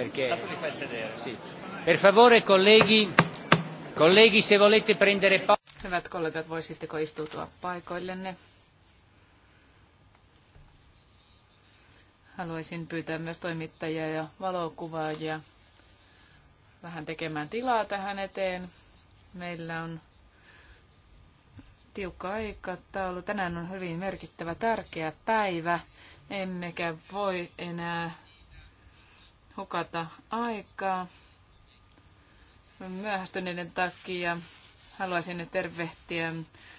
perché... Sì. Per favore, colleghi, colleghi, se volete prendere... Hyvät kollegat, voisitteko istutua paikoillenne? Haluaisin pyytää myös toimittajia ja valokuvaajia vähän tekemään tilaa tähän eteen. Meillä on tiukka aikataulu. Tänään on hyvin merkittävä, tärkeä päivä. Emmekä voi enää hukata aikaa myöhästyneiden takia. Haluaisin nyt tervehtiä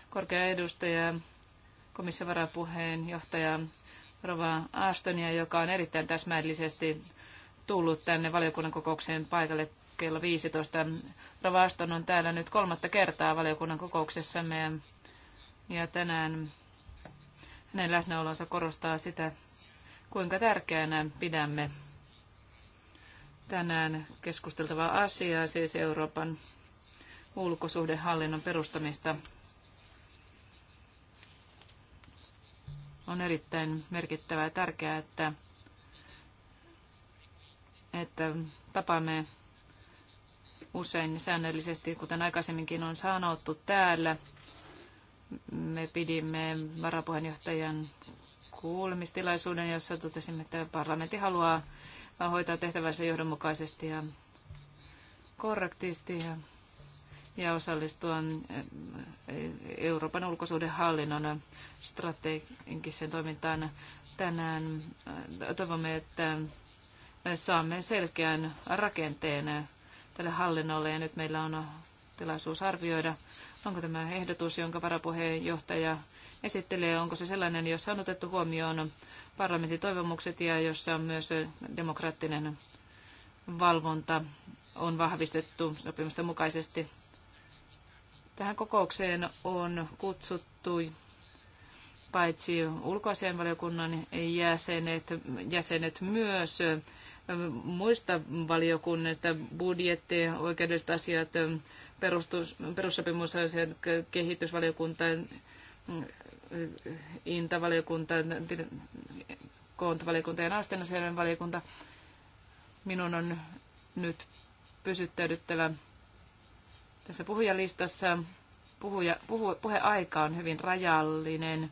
korkea edustaja, komission varapuheenjohtaja Rova Astonia, joka on erittäin täsmällisesti tullut tänne valiokunnan kokoukseen paikalle kello 15. Rova Aston on täällä nyt kolmatta kertaa valiokunnan kokouksessamme ja tänään hänen läsnäolonsa korostaa sitä, kuinka tärkeänä pidämme tänään keskusteltavaa asiaa, siis Euroopan ulkosuhdehallinnon perustamista. On erittäin merkittävää ja tärkeää, että, että tapaamme usein säännöllisesti, kuten aikaisemminkin on sanottu täällä. Me pidimme varapuheenjohtajan kuulemistilaisuuden, jossa totesimme, että parlamentti haluaa vaan hoitaa tehtävänsä johdonmukaisesti ja korrektisti ja, ja osallistua eh, Euroopan hallinnon strategiseen toimintaan tänään. Toivomme, että saamme selkeän rakenteen tälle hallinnolle ja nyt meillä on tilaisuus arvioida, onko tämä ehdotus, jonka varapuheenjohtaja esittelee, onko se sellainen, jossa on otettu huomioon parlamentin toivomukset ja jossa on myös demokraattinen valvonta on vahvistettu sopimusten mukaisesti. Tähän kokoukseen on kutsuttu paitsi ulkoasianvaliokunnan jäsenet, jäsenet myös muista valiokunnista, budjetti, oikeudelliset asiat, perustus, perussopimusasian kehitysvaliokuntaan, mm, Intavaliokuntaan, koontavaliokuntaan ja naisten asioiden valiokunta. Minun on nyt pysyttäydyttävä tässä puhujalistassa. Puhuja, puhu, puheaika on hyvin rajallinen.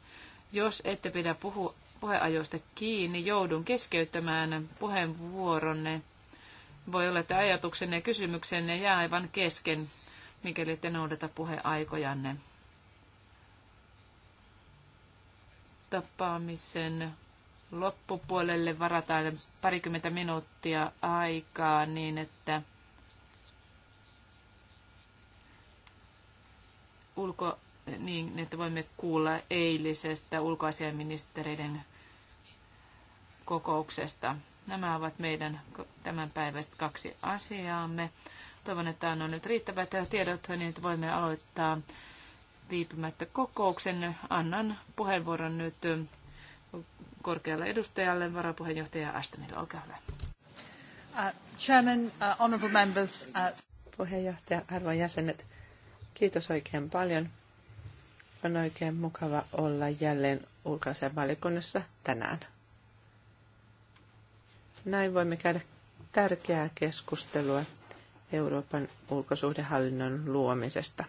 Jos ette pidä puhu, puheajoista kiinni, joudun keskeyttämään puheenvuoronne. Voi olla, että ajatuksenne ja kysymyksenne jää aivan kesken mikäli te noudata puheaikojanne. Tapaamisen loppupuolelle varataan parikymmentä minuuttia aikaa niin, että ulko, niin, että voimme kuulla eilisestä ulkoasiaministereiden kokouksesta. Nämä ovat meidän tämänpäiväiset kaksi asiaamme. Toivon, että on nyt riittävät tiedot, niin että voimme aloittaa viipymättä kokouksen. Annan puheenvuoron nyt korkealle edustajalle, varapuheenjohtaja Astonille. Olkaa hyvä. Uh, chairman, uh, honorable members, uh... Puheenjohtaja, arvon jäsenet, kiitos oikein paljon. On oikein mukava olla jälleen ulkoisen valikunnassa tänään. Näin voimme käydä tärkeää keskustelua Euroopan ulkosuhdehallinnon luomisesta.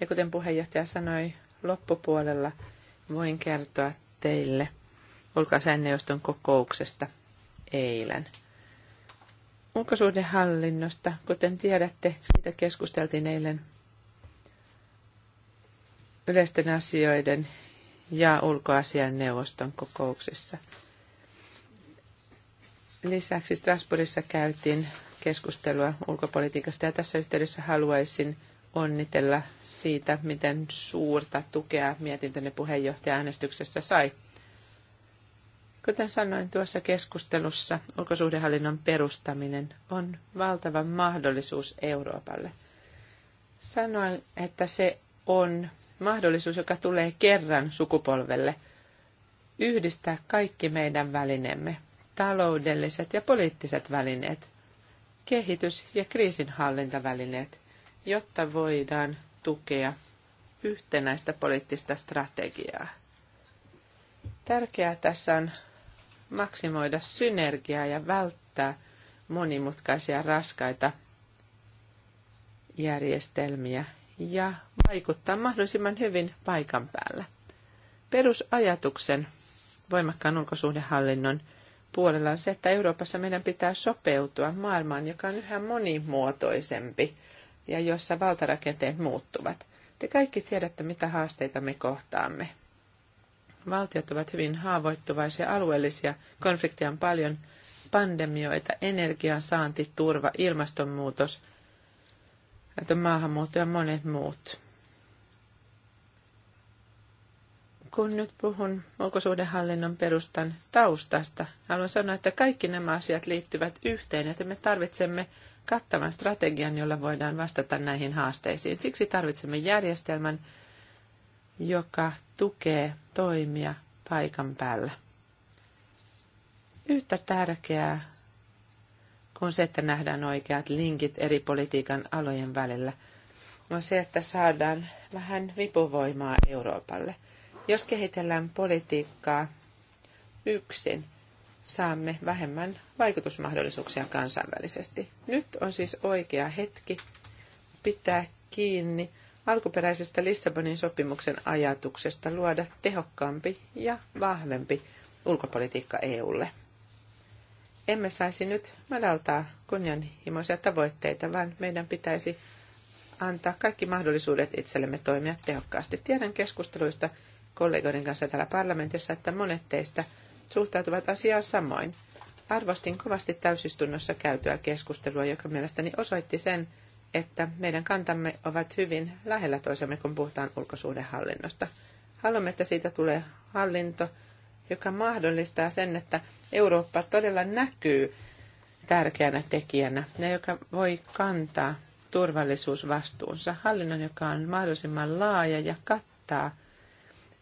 Ja kuten puheenjohtaja sanoi, loppupuolella voin kertoa teille ulkoasiainneuvoston kokouksesta eilen. Ulkosuhdehallinnosta, kuten tiedätte, siitä keskusteltiin eilen yleisten asioiden ja ulkoasiainneuvoston kokouksessa. Lisäksi Strasbourgissa käytiin keskustelua ulkopolitiikasta ja tässä yhteydessä haluaisin onnitella siitä, miten suurta tukea mietintönne puheenjohtaja äänestyksessä sai. Kuten sanoin tuossa keskustelussa, ulkosuhdehallinnon perustaminen on valtava mahdollisuus Euroopalle. Sanoin, että se on mahdollisuus, joka tulee kerran sukupolvelle yhdistää kaikki meidän välineemme, taloudelliset ja poliittiset välineet – kehitys- ja kriisinhallintavälineet, jotta voidaan tukea yhtenäistä poliittista strategiaa. Tärkeää tässä on maksimoida synergiaa ja välttää monimutkaisia raskaita järjestelmiä ja vaikuttaa mahdollisimman hyvin paikan päällä. Perusajatuksen voimakkaan ulkosuhdehallinnon puolella on se, että Euroopassa meidän pitää sopeutua maailmaan, joka on yhä monimuotoisempi ja jossa valtarakenteet muuttuvat. Te kaikki tiedätte, mitä haasteita me kohtaamme. Valtiot ovat hyvin haavoittuvaisia, alueellisia, konflikteja on paljon, pandemioita, energian saanti, turva, ilmastonmuutos, maahanmuutto ja monet muut kun nyt puhun ulkosuhdehallinnon perustan taustasta, haluan sanoa, että kaikki nämä asiat liittyvät yhteen, että me tarvitsemme kattavan strategian, jolla voidaan vastata näihin haasteisiin. Siksi tarvitsemme järjestelmän, joka tukee toimia paikan päällä. Yhtä tärkeää kuin se, että nähdään oikeat linkit eri politiikan alojen välillä, on se, että saadaan vähän vipuvoimaa Euroopalle – jos kehitellään politiikkaa yksin, saamme vähemmän vaikutusmahdollisuuksia kansainvälisesti. Nyt on siis oikea hetki pitää kiinni alkuperäisestä Lissabonin sopimuksen ajatuksesta luoda tehokkaampi ja vahvempi ulkopolitiikka EUlle. Emme saisi nyt madaltaa kunnianhimoisia tavoitteita, vaan meidän pitäisi antaa kaikki mahdollisuudet itsellemme toimia tehokkaasti. Tiedän keskusteluista kollegoiden kanssa täällä parlamentissa, että monet teistä suhtautuvat asiaan samoin. Arvostin kovasti täysistunnossa käytyä keskustelua, joka mielestäni osoitti sen, että meidän kantamme ovat hyvin lähellä toisemme, kun puhutaan ulkosuhdehallinnosta. Haluamme, että siitä tulee hallinto, joka mahdollistaa sen, että Eurooppa todella näkyy tärkeänä tekijänä, ne, joka voi kantaa turvallisuusvastuunsa, hallinnon, joka on mahdollisimman laaja ja kattaa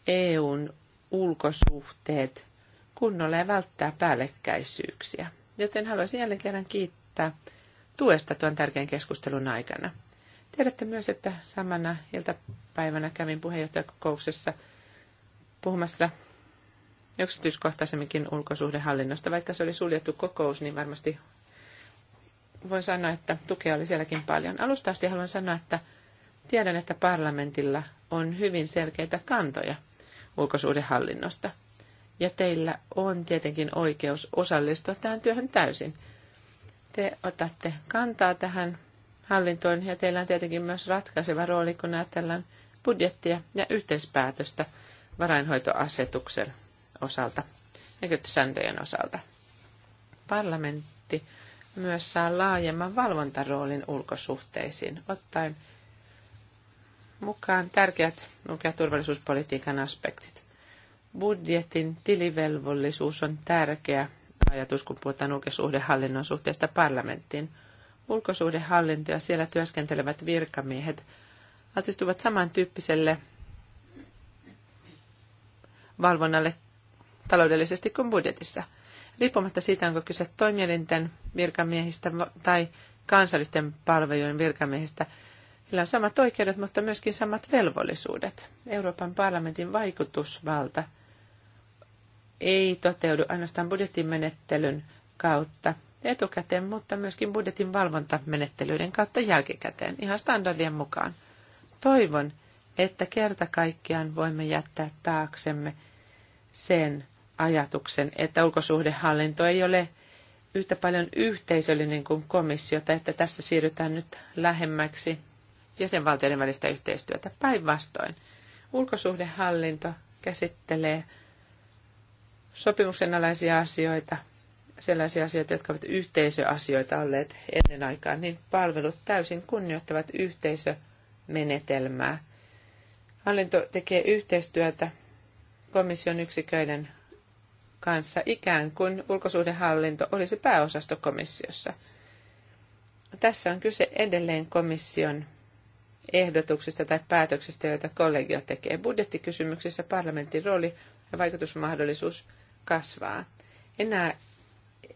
EUn ulkosuhteet kunnolla ja välttää päällekkäisyyksiä. Joten haluaisin jälleen kerran kiittää tuesta tuon tärkeän keskustelun aikana. Tiedätte myös, että samana iltapäivänä kävin puheenjohtajakokouksessa puhumassa yksityiskohtaisemminkin ulkosuhdehallinnosta. Vaikka se oli suljettu kokous, niin varmasti voin sanoa, että tukea oli sielläkin paljon. Alusta asti haluan sanoa, että tiedän, että parlamentilla on hyvin selkeitä kantoja – ulkosuhdehallinnosta. Ja teillä on tietenkin oikeus osallistua tähän työhön täysin. Te otatte kantaa tähän hallintoon ja teillä on tietenkin myös ratkaiseva rooli, kun ajatellaan budjettia ja yhteispäätöstä varainhoitoasetuksen osalta ja sääntöjen osalta. Parlamentti myös saa laajemman valvontaroolin ulkosuhteisiin, ottaen mukaan tärkeät ulko- ja turvallisuuspolitiikan aspektit. Budjetin tilivelvollisuus on tärkeä ajatus, kun puhutaan ulkosuhdehallinnon suhteesta parlamenttiin. Ulkosuhdehallinto ja siellä työskentelevät virkamiehet altistuvat samantyyppiselle valvonnalle taloudellisesti kuin budjetissa. Riippumatta siitä, onko kyse toimielinten virkamiehistä tai kansallisten palvelujen virkamiehistä, Heillä on samat oikeudet, mutta myöskin samat velvollisuudet. Euroopan parlamentin vaikutusvalta ei toteudu ainoastaan budjettimenettelyn kautta etukäteen, mutta myöskin budjetin valvontamenettelyiden kautta jälkikäteen, ihan standardien mukaan. Toivon, että kerta kaikkiaan voimme jättää taaksemme sen ajatuksen, että ulkosuhdehallinto ei ole yhtä paljon yhteisöllinen kuin komissio, tai että tässä siirrytään nyt lähemmäksi jäsenvaltioiden välistä yhteistyötä. Päinvastoin ulkosuhdehallinto käsittelee sopimuksen alaisia asioita, sellaisia asioita, jotka ovat yhteisöasioita olleet ennen aikaa, niin palvelut täysin kunnioittavat yhteisömenetelmää. Hallinto tekee yhteistyötä komission yksiköiden kanssa ikään kuin ulkosuhdehallinto olisi pääosasto komissiossa. Tässä on kyse edelleen komission ehdotuksista tai päätöksistä, joita kollegio tekee. Budjettikysymyksissä parlamentin rooli ja vaikutusmahdollisuus kasvaa. Enää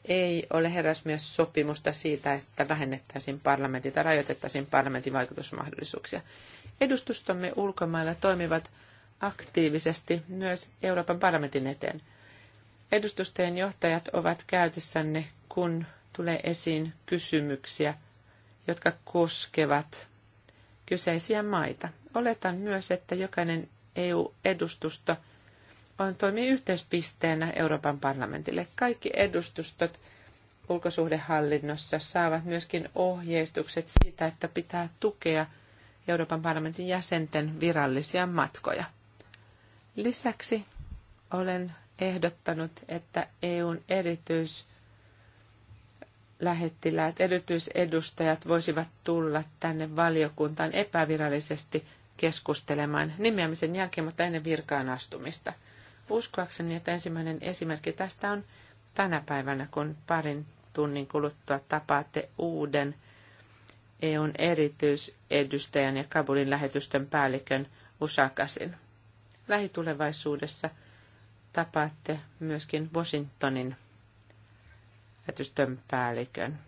ei ole herrasmies sopimusta siitä, että vähennettäisiin parlamentin tai rajoitettaisiin parlamentin vaikutusmahdollisuuksia. Edustustomme ulkomailla toimivat aktiivisesti myös Euroopan parlamentin eteen. Edustustojen johtajat ovat käytössänne, kun tulee esiin kysymyksiä, jotka koskevat kyseisiä maita. Oletan myös, että jokainen EU-edustusto on toimii yhteispisteenä Euroopan parlamentille. Kaikki edustustot ulkosuhdehallinnossa saavat myöskin ohjeistukset siitä, että pitää tukea Euroopan parlamentin jäsenten virallisia matkoja. Lisäksi olen ehdottanut, että EUn erityis lähettiläät, erityisedustajat voisivat tulla tänne valiokuntaan epävirallisesti keskustelemaan nimeämisen jälkeen, mutta ennen virkaan astumista. Uskoakseni, että ensimmäinen esimerkki tästä on tänä päivänä, kun parin tunnin kuluttua tapaatte uuden EUn erityisedustajan ja Kabulin lähetysten päällikön Usakasin. Lähitulevaisuudessa tapaatte myöskin Washingtonin lähetystön päällikön.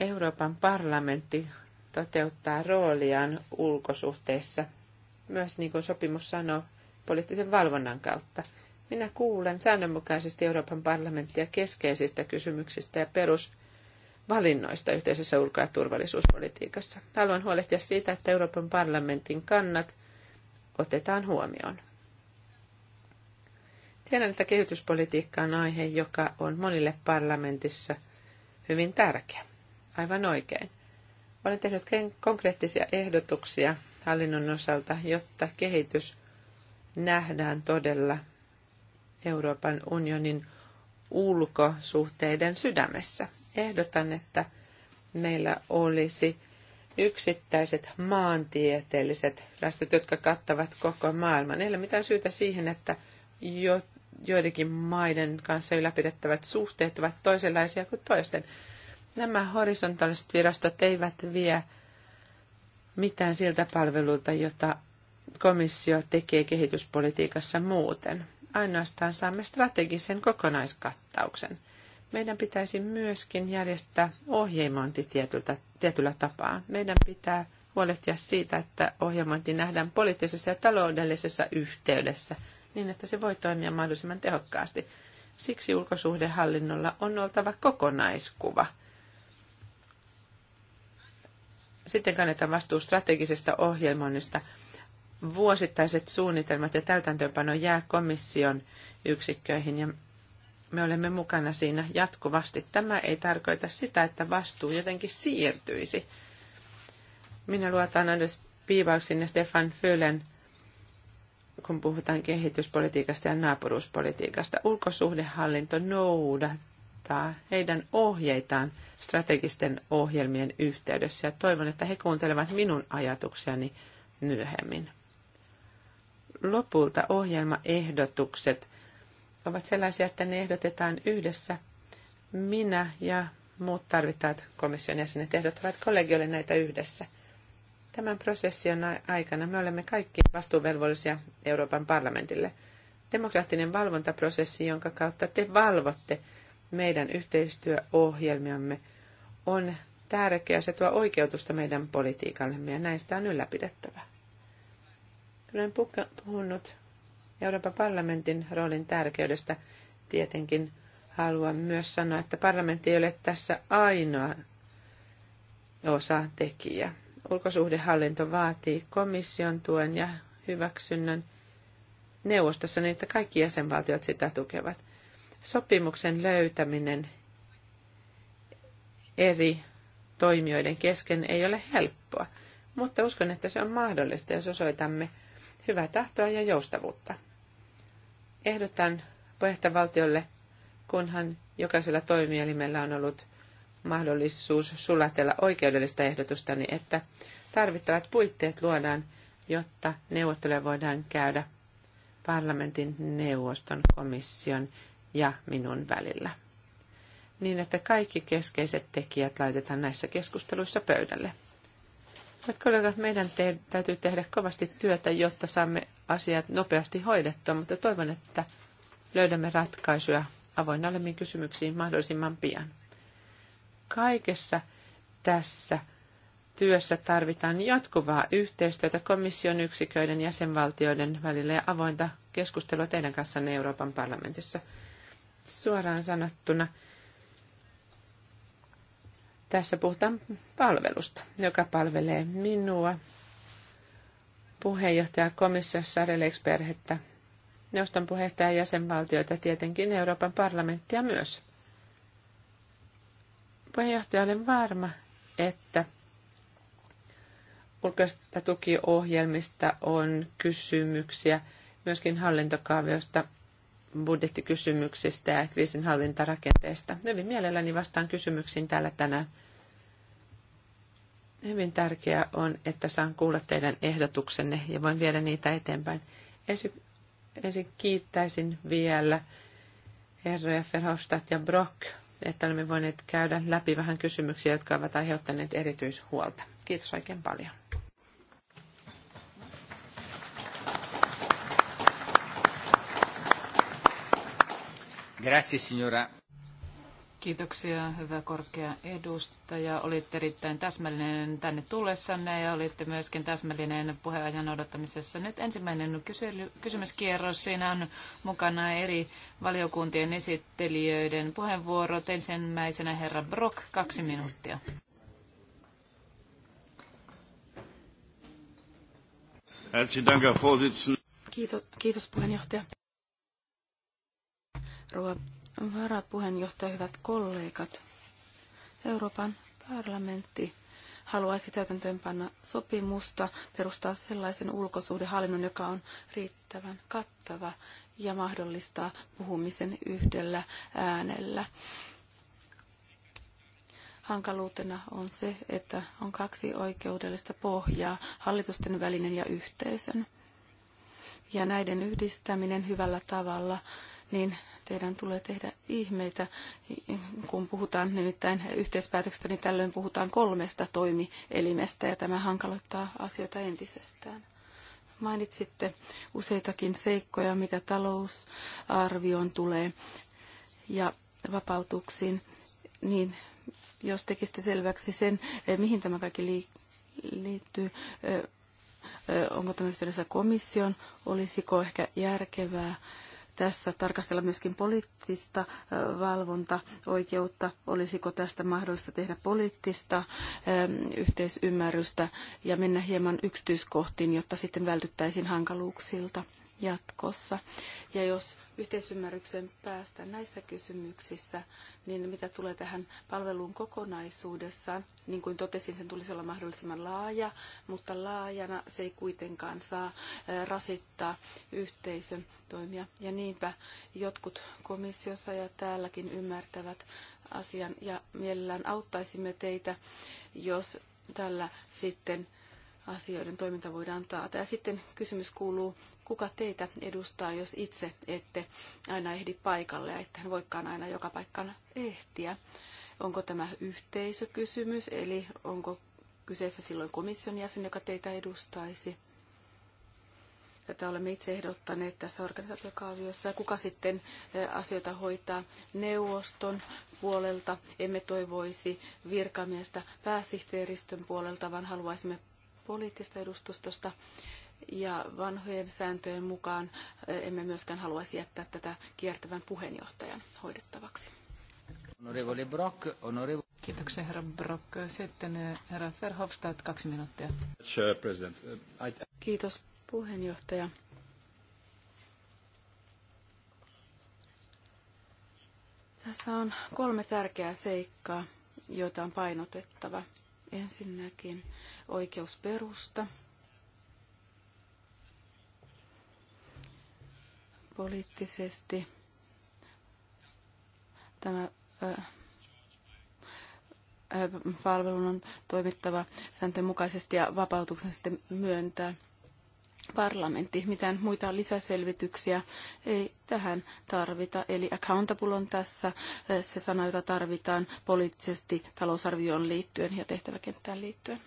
Euroopan parlamentti toteuttaa rooliaan ulkosuhteissa, myös niin kuin sopimus sanoo, poliittisen valvonnan kautta. Minä kuulen säännönmukaisesti Euroopan parlamenttia keskeisistä kysymyksistä ja perusvalinnoista yhteisessä ulko- ja turvallisuuspolitiikassa. Haluan huolehtia siitä, että Euroopan parlamentin kannat otetaan huomioon. Tiedän, että kehityspolitiikka on aihe, joka on monille parlamentissa hyvin tärkeä. Aivan oikein. Olen tehnyt konkreettisia ehdotuksia hallinnon osalta, jotta kehitys nähdään todella Euroopan unionin ulkosuhteiden sydämessä. Ehdotan, että meillä olisi yksittäiset maantieteelliset rastot, jotka kattavat koko maailman. Ei ole mitään syytä siihen, että joidenkin maiden kanssa ylläpidettävät suhteet ovat toisenlaisia kuin toisten. Nämä horisontaaliset virastot eivät vie mitään siltä palvelulta, jota komissio tekee kehityspolitiikassa muuten. Ainoastaan saamme strategisen kokonaiskattauksen. Meidän pitäisi myöskin järjestää ohjelmointi tietyltä, tietyllä tapaa. Meidän pitää huolehtia siitä, että ohjelmointi nähdään poliittisessa ja taloudellisessa yhteydessä – niin, että se voi toimia mahdollisimman tehokkaasti. Siksi ulkosuhdehallinnolla on oltava kokonaiskuva. Sitten kannetaan vastuu strategisesta ohjelmoinnista. Vuosittaiset suunnitelmat ja täytäntöönpano jää komission yksikköihin ja me olemme mukana siinä jatkuvasti. Tämä ei tarkoita sitä, että vastuu jotenkin siirtyisi. Minä luotan Anders Piivauksin ja Stefan Föhlen kun puhutaan kehityspolitiikasta ja naapuruuspolitiikasta. Ulkosuhdehallinto noudattaa heidän ohjeitaan strategisten ohjelmien yhteydessä ja toivon, että he kuuntelevat minun ajatuksiani myöhemmin. Lopulta ohjelmaehdotukset ovat sellaisia, että ne ehdotetaan yhdessä. Minä ja muut tarvittavat komission jäsenet ehdottavat kollegiolle näitä yhdessä – Tämän prosessin aikana me olemme kaikki vastuuvelvollisia Euroopan parlamentille. Demokraattinen valvontaprosessi, jonka kautta te valvotte meidän yhteistyöohjelmiamme, on tärkeä. Se tuo oikeutusta meidän politiikallemme ja näistä on ylläpidettävä. Olen puhunut Euroopan parlamentin roolin tärkeydestä. Tietenkin haluan myös sanoa, että parlamentti ei ole tässä ainoa tekijä ulkosuhdehallinto vaatii komission tuen ja hyväksynnän neuvostossa niin, että kaikki jäsenvaltiot sitä tukevat. Sopimuksen löytäminen eri toimijoiden kesken ei ole helppoa, mutta uskon, että se on mahdollista, jos osoitamme hyvää tahtoa ja joustavuutta. Ehdotan puheenjohtajavaltiolle, kunhan jokaisella toimielimellä on ollut mahdollisuus sulatella oikeudellista ehdotustani, niin että tarvittavat puitteet luodaan, jotta neuvotteluja voidaan käydä parlamentin, neuvoston, komission ja minun välillä. Niin, että kaikki keskeiset tekijät laitetaan näissä keskusteluissa pöydälle. Hyvät kollegat, meidän te- täytyy tehdä kovasti työtä, jotta saamme asiat nopeasti hoidettua, mutta toivon, että löydämme ratkaisuja avoinna olemiin kysymyksiin mahdollisimman pian. Kaikessa tässä työssä tarvitaan jatkuvaa yhteistyötä komission yksiköiden, jäsenvaltioiden välillä ja avointa keskustelua teidän kanssanne Euroopan parlamentissa. Suoraan sanottuna tässä puhutaan palvelusta, joka palvelee minua, puheenjohtaja komissiossa Relex-perhettä, neuvoston puheenjohtaja jäsenvaltioita tietenkin Euroopan parlamenttia myös puheenjohtaja, olen varma, että ulkoista tukiohjelmista on kysymyksiä, myöskin hallintokaaviosta, budjettikysymyksistä ja kriisinhallintarakenteesta. Hyvin mielelläni vastaan kysymyksiin täällä tänään. Hyvin tärkeää on, että saan kuulla teidän ehdotuksenne ja voin viedä niitä eteenpäin. Ensin, ensin kiittäisin vielä herroja Verhofstadt ja Brock että olemme voineet käydä läpi vähän kysymyksiä, jotka ovat aiheuttaneet erityishuolta. Kiitos oikein paljon. Grazie signora Kiitoksia, hyvä korkea edustaja. Olitte erittäin täsmällinen tänne tullessanne ja olitte myöskin täsmällinen puheenajan odottamisessa. Nyt ensimmäinen kysely, kysymyskierros. Siinä on mukana eri valiokuntien esittelijöiden puheenvuorot. Ensimmäisenä herra Brock, kaksi minuuttia. Kiitos, kiitos puheenjohtaja. Rouva varapuheenjohtaja, hyvät kollegat. Euroopan parlamentti haluaisi täytäntöönpanna sopimusta, perustaa sellaisen ulkosuhdehallinnon, joka on riittävän kattava ja mahdollistaa puhumisen yhdellä äänellä. Hankaluutena on se, että on kaksi oikeudellista pohjaa, hallitusten välinen ja yhteisön. Ja näiden yhdistäminen hyvällä tavalla niin teidän tulee tehdä ihmeitä. Kun puhutaan nimittäin yhteispäätöksestä, niin tällöin puhutaan kolmesta toimielimestä ja tämä hankaloittaa asioita entisestään. Mainitsitte useitakin seikkoja, mitä talousarvioon tulee ja vapautuksiin, niin jos tekisitte selväksi sen, mihin tämä kaikki liittyy, onko tämä yhteydessä komission, olisiko ehkä järkevää tässä tarkastella myöskin poliittista valvontaoikeutta, olisiko tästä mahdollista tehdä poliittista yhteisymmärrystä ja mennä hieman yksityiskohtiin, jotta sitten vältyttäisiin hankaluuksilta jatkossa. Ja jos yhteisymmärrykseen päästä näissä kysymyksissä, niin mitä tulee tähän palveluun kokonaisuudessaan, niin kuin totesin, sen tulisi olla mahdollisimman laaja, mutta laajana se ei kuitenkaan saa rasittaa yhteisön toimia. Ja niinpä jotkut komissiossa ja täälläkin ymmärtävät asian ja mielellään auttaisimme teitä, jos tällä sitten asioiden toiminta voidaan taata. Ja sitten kysymys kuuluu, kuka teitä edustaa, jos itse ette aina ehdi paikalle ja ettehän voikaan aina joka paikkaan ehtiä. Onko tämä yhteisökysymys, eli onko kyseessä silloin komission jäsen, joka teitä edustaisi? Tätä olemme itse ehdottaneet tässä organisaatiokaaviossa. Ja kuka sitten asioita hoitaa neuvoston puolelta? Emme toivoisi virkamiestä pääsihteeristön puolelta, vaan haluaisimme poliittista edustustosta. Ja vanhojen sääntöjen mukaan emme myöskään haluaisi jättää tätä kiertävän puheenjohtajan hoidettavaksi. Honorevole Brock, honorevole... Kiitoksia herra Brock. Sitten eh, herra Verhofstadt, kaksi minuuttia. Sure, president. Eh, I... Kiitos puheenjohtaja. Tässä on kolme tärkeää seikkaa, joita on painotettava. Ensinnäkin oikeusperusta. Poliittisesti tämä palvelun on toimittava sääntöjen mukaisesti ja vapautuksen sitten myöntää parlamentti. Mitään muita lisäselvityksiä ei tähän tarvita. Eli accountable on tässä eh, se sana, jota tarvitaan poliittisesti talousarvioon liittyen ja tehtäväkenttään liittyen.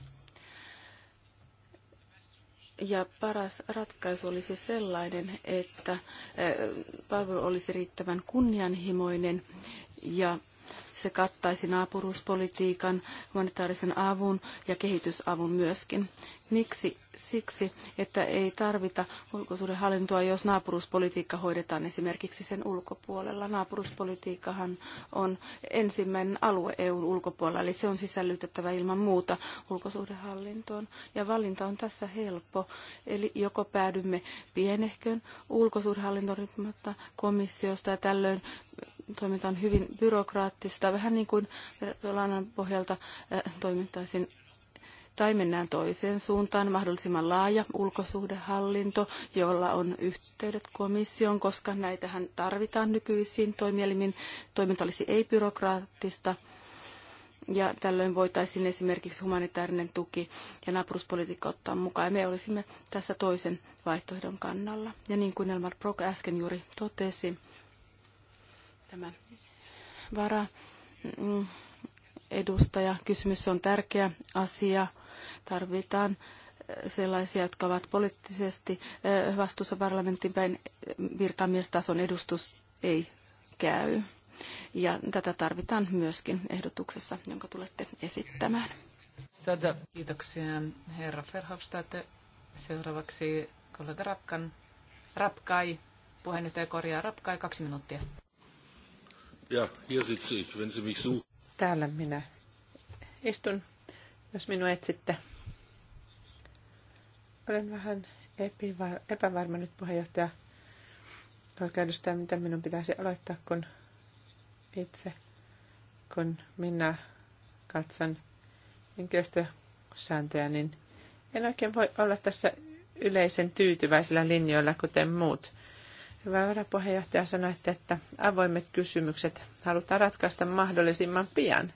Ja paras ratkaisu olisi sellainen, että eh, palvelu olisi riittävän kunnianhimoinen ja se kattaisi naapuruuspolitiikan, humanitaarisen avun ja kehitysavun myöskin. Miksi? Siksi, että ei tarvita ulkosuudenhallintoa, jos naapuruuspolitiikka hoidetaan esimerkiksi sen ulkopuolella. Naapuruuspolitiikkahan on ensimmäinen alue EUn ulkopuolella, eli se on sisällytettävä ilman muuta ulkosuhdehallintoon. Ja valinta on tässä helppo, eli joko päädymme pienehkön ulkosuhdehallintoon komissiosta ja tällöin toiminta on hyvin byrokraattista, vähän niin kuin lainan pohjalta eh, toimintaisin tai mennään toiseen suuntaan, mahdollisimman laaja ulkosuhdehallinto, jolla on yhteydet komissioon, koska näitähän tarvitaan nykyisiin toimielimin. Toiminta olisi ei-byrokraattista ja tällöin voitaisiin esimerkiksi humanitaarinen tuki ja naapuruspolitiikka ottaa mukaan. Ja me olisimme tässä toisen vaihtoehdon kannalla. Ja niin kuin Elmar Brock äsken juuri totesi, Tämä vara mm, edustaja, kysymys on tärkeä asia. Tarvitaan eh, sellaisia, jotka ovat poliittisesti eh, vastuussa parlamentin päin eh, virkamiestason edustus ei käy. Ja tätä tarvitaan myöskin ehdotuksessa, jonka tulette esittämään. Sada. Kiitoksia herra Verhofstadt. Seuraavaksi kollega Rapkan. Rapkai, puheenjohtaja korjaa Rapkai, kaksi minuuttia. Ja, hier sitze ich, wenn Sie mich suchen. Täällä minä istun, jos minua etsitte. Olen vähän epävarma nyt puheenjohtaja oikeudestaan, mitä minun pitäisi aloittaa, kun itse, kun minä katson henkilöstösääntöjä, niin en oikein voi olla tässä yleisen tyytyväisillä linjoilla, kuten muut. Hyvä varapuheenjohtaja, sanoitte, että avoimet kysymykset halutaan ratkaista mahdollisimman pian.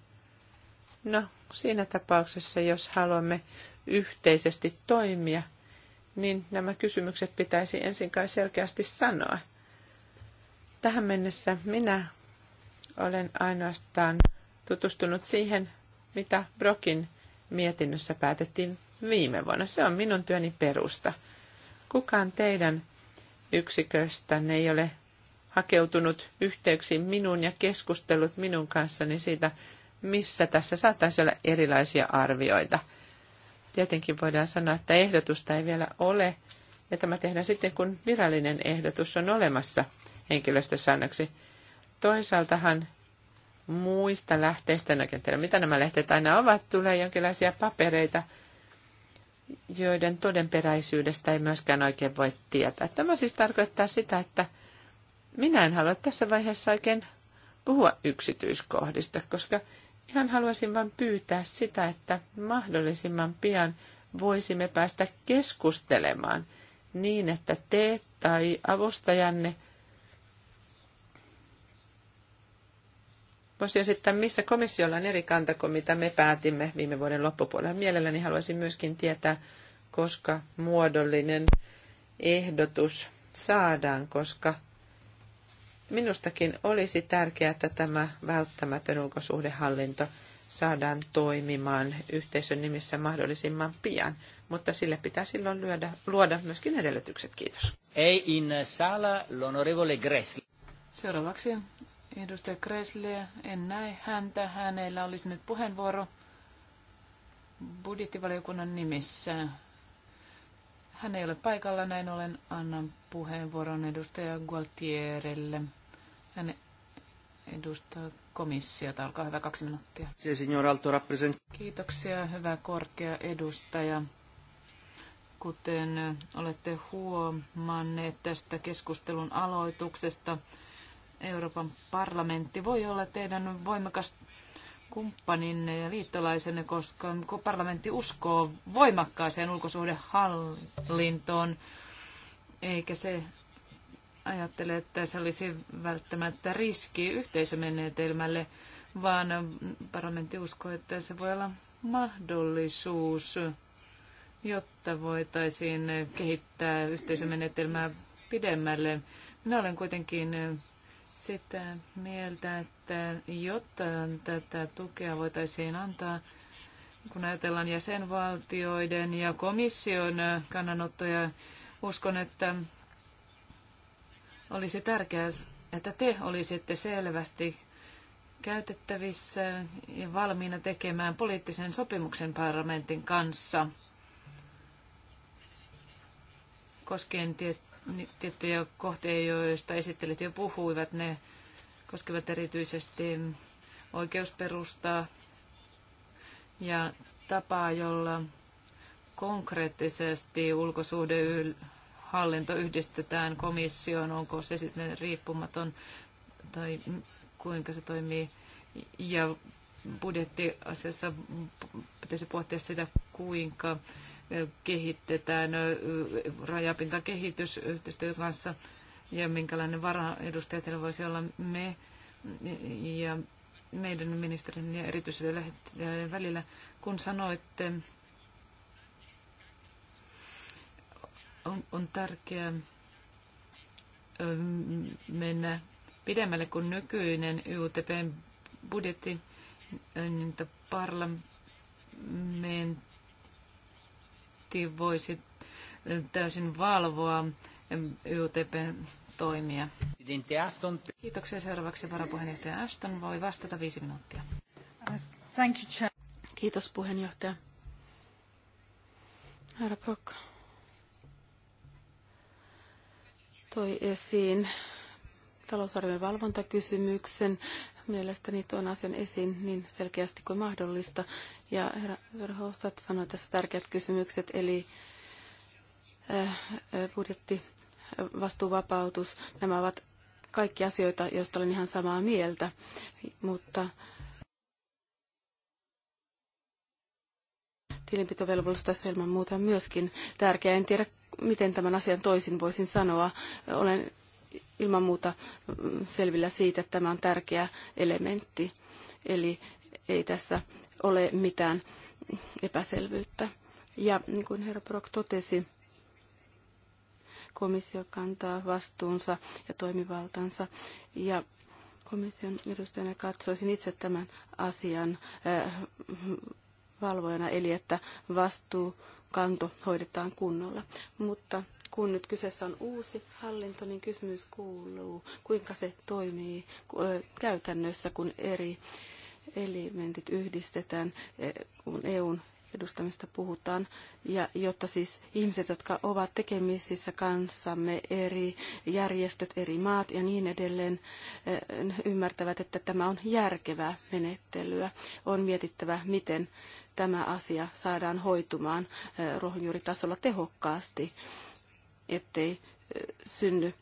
No, siinä tapauksessa, jos haluamme yhteisesti toimia, niin nämä kysymykset pitäisi ensin kai selkeästi sanoa. Tähän mennessä minä olen ainoastaan tutustunut siihen, mitä Brokin mietinnössä päätettiin viime vuonna. Se on minun työni perusta. Kukaan teidän yksiköstä ne ei ole hakeutunut yhteyksiin minuun ja keskustellut minun kanssani siitä, missä tässä saattaisi olla erilaisia arvioita. Tietenkin voidaan sanoa, että ehdotusta ei vielä ole, ja tämä tehdään sitten, kun virallinen ehdotus on olemassa henkilöstösäännöksi. Toisaaltahan muista lähteistä, en oikein tiedä mitä nämä lehteet aina ovat, tulee jonkinlaisia papereita – joiden todenperäisyydestä ei myöskään oikein voi tietää. Tämä siis tarkoittaa sitä, että minä en halua tässä vaiheessa oikein puhua yksityiskohdista, koska ihan haluaisin vain pyytää sitä, että mahdollisimman pian voisimme päästä keskustelemaan niin, että te tai avustajanne voisi esittää, missä komissiolla on eri kanta kuin mitä me päätimme viime vuoden loppupuolella. Mielelläni haluaisin myöskin tietää, koska muodollinen ehdotus saadaan, koska minustakin olisi tärkeää, että tämä välttämätön ulkosuhdehallinto saadaan toimimaan yhteisön nimissä mahdollisimman pian, mutta sille pitää silloin lyödä, luoda myöskin edellytykset. Kiitos. Ei in sala l'onorevole Gressle. Seuraavaksi Edustaja Kresle, en näe häntä. Hänellä olisi nyt puheenvuoro budjettivaliokunnan nimissä. Hän ei ole paikalla, näin ollen annan puheenvuoron edustaja Gualtierelle. Hän edustaa komissiota. Olkaa hyvä, kaksi minuuttia. Kiitoksia, hyvä korkea edustaja. Kuten olette huomanneet tästä keskustelun aloituksesta, Euroopan parlamentti voi olla teidän voimakas kumppaninne ja liittolaisenne, koska parlamentti uskoo voimakkaaseen ulkosuhdehallintoon, eikä se ajattele, että se olisi välttämättä riski yhteisömenetelmälle, vaan parlamentti uskoo, että se voi olla mahdollisuus, jotta voitaisiin kehittää yhteisömenetelmää pidemmälle. Minä olen kuitenkin sitä mieltä, että jotta tätä tukea voitaisiin antaa, kun ajatellaan jäsenvaltioiden ja komission kannanottoja, uskon, että olisi tärkeää, että te olisitte selvästi käytettävissä ja valmiina tekemään poliittisen sopimuksen parlamentin kanssa koskien tiettyjä niin, tiettyjä kohtia, joista esittelijät jo puhuivat. Ne koskevat erityisesti oikeusperustaa ja tapaa, jolla konkreettisesti ulkosuhdehallinto yhdistetään komissioon, onko se sitten riippumaton tai kuinka se toimii. Ja budjettiasiassa pitäisi pohtia sitä, kuinka kehitetään rajapintakehitysyhteistyön kanssa ja minkälainen vara edustaja teillä voisi olla me ja meidän ministerin ja erityisesti lähettäjien välillä, kun sanoitte, on, on tärkeää mennä pidemmälle kuin nykyinen YUTPn budjetti, niin parlamentti parlamentti voisi täysin valvoa YTPn toimia. Kiitoksia. Seuraavaksi varapuheenjohtaja Ashton voi vastata viisi minuuttia. Thank you, Kiitos puheenjohtaja. Herra Brock toi esiin talousarvion valvontakysymyksen. Mielestäni tuon asian esiin niin selkeästi kuin mahdollista ja herra Verhofstadt sanoi tässä tärkeät kysymykset, eli äh, äh, budjetti, vastuuvapautus, nämä ovat kaikki asioita, joista olen ihan samaa mieltä, mutta tilinpitovelvollisuus tässä ilman muuta myöskin tärkeä. En tiedä, miten tämän asian toisin voisin sanoa. Olen ilman muuta mm, selvillä siitä, että tämä on tärkeä elementti. Eli ei tässä ole mitään epäselvyyttä. Ja niin kuin herra Brock totesi, komissio kantaa vastuunsa ja toimivaltansa. Ja komission edustajana katsoisin itse tämän asian äh, valvojana, eli että vastuukanto hoidetaan kunnolla. Mutta kun nyt kyseessä on uusi hallinto, niin kysymys kuuluu, kuinka se toimii äh, käytännössä, kun eri elementit yhdistetään, e, kun EUn edustamista puhutaan, ja jotta siis ihmiset, jotka ovat tekemisissä kanssamme, eri järjestöt, eri maat ja niin edelleen, e, ymmärtävät, että tämä on järkevää menettelyä. On mietittävä, miten tämä asia saadaan hoitumaan e, ruohonjuuritasolla tehokkaasti, ettei synny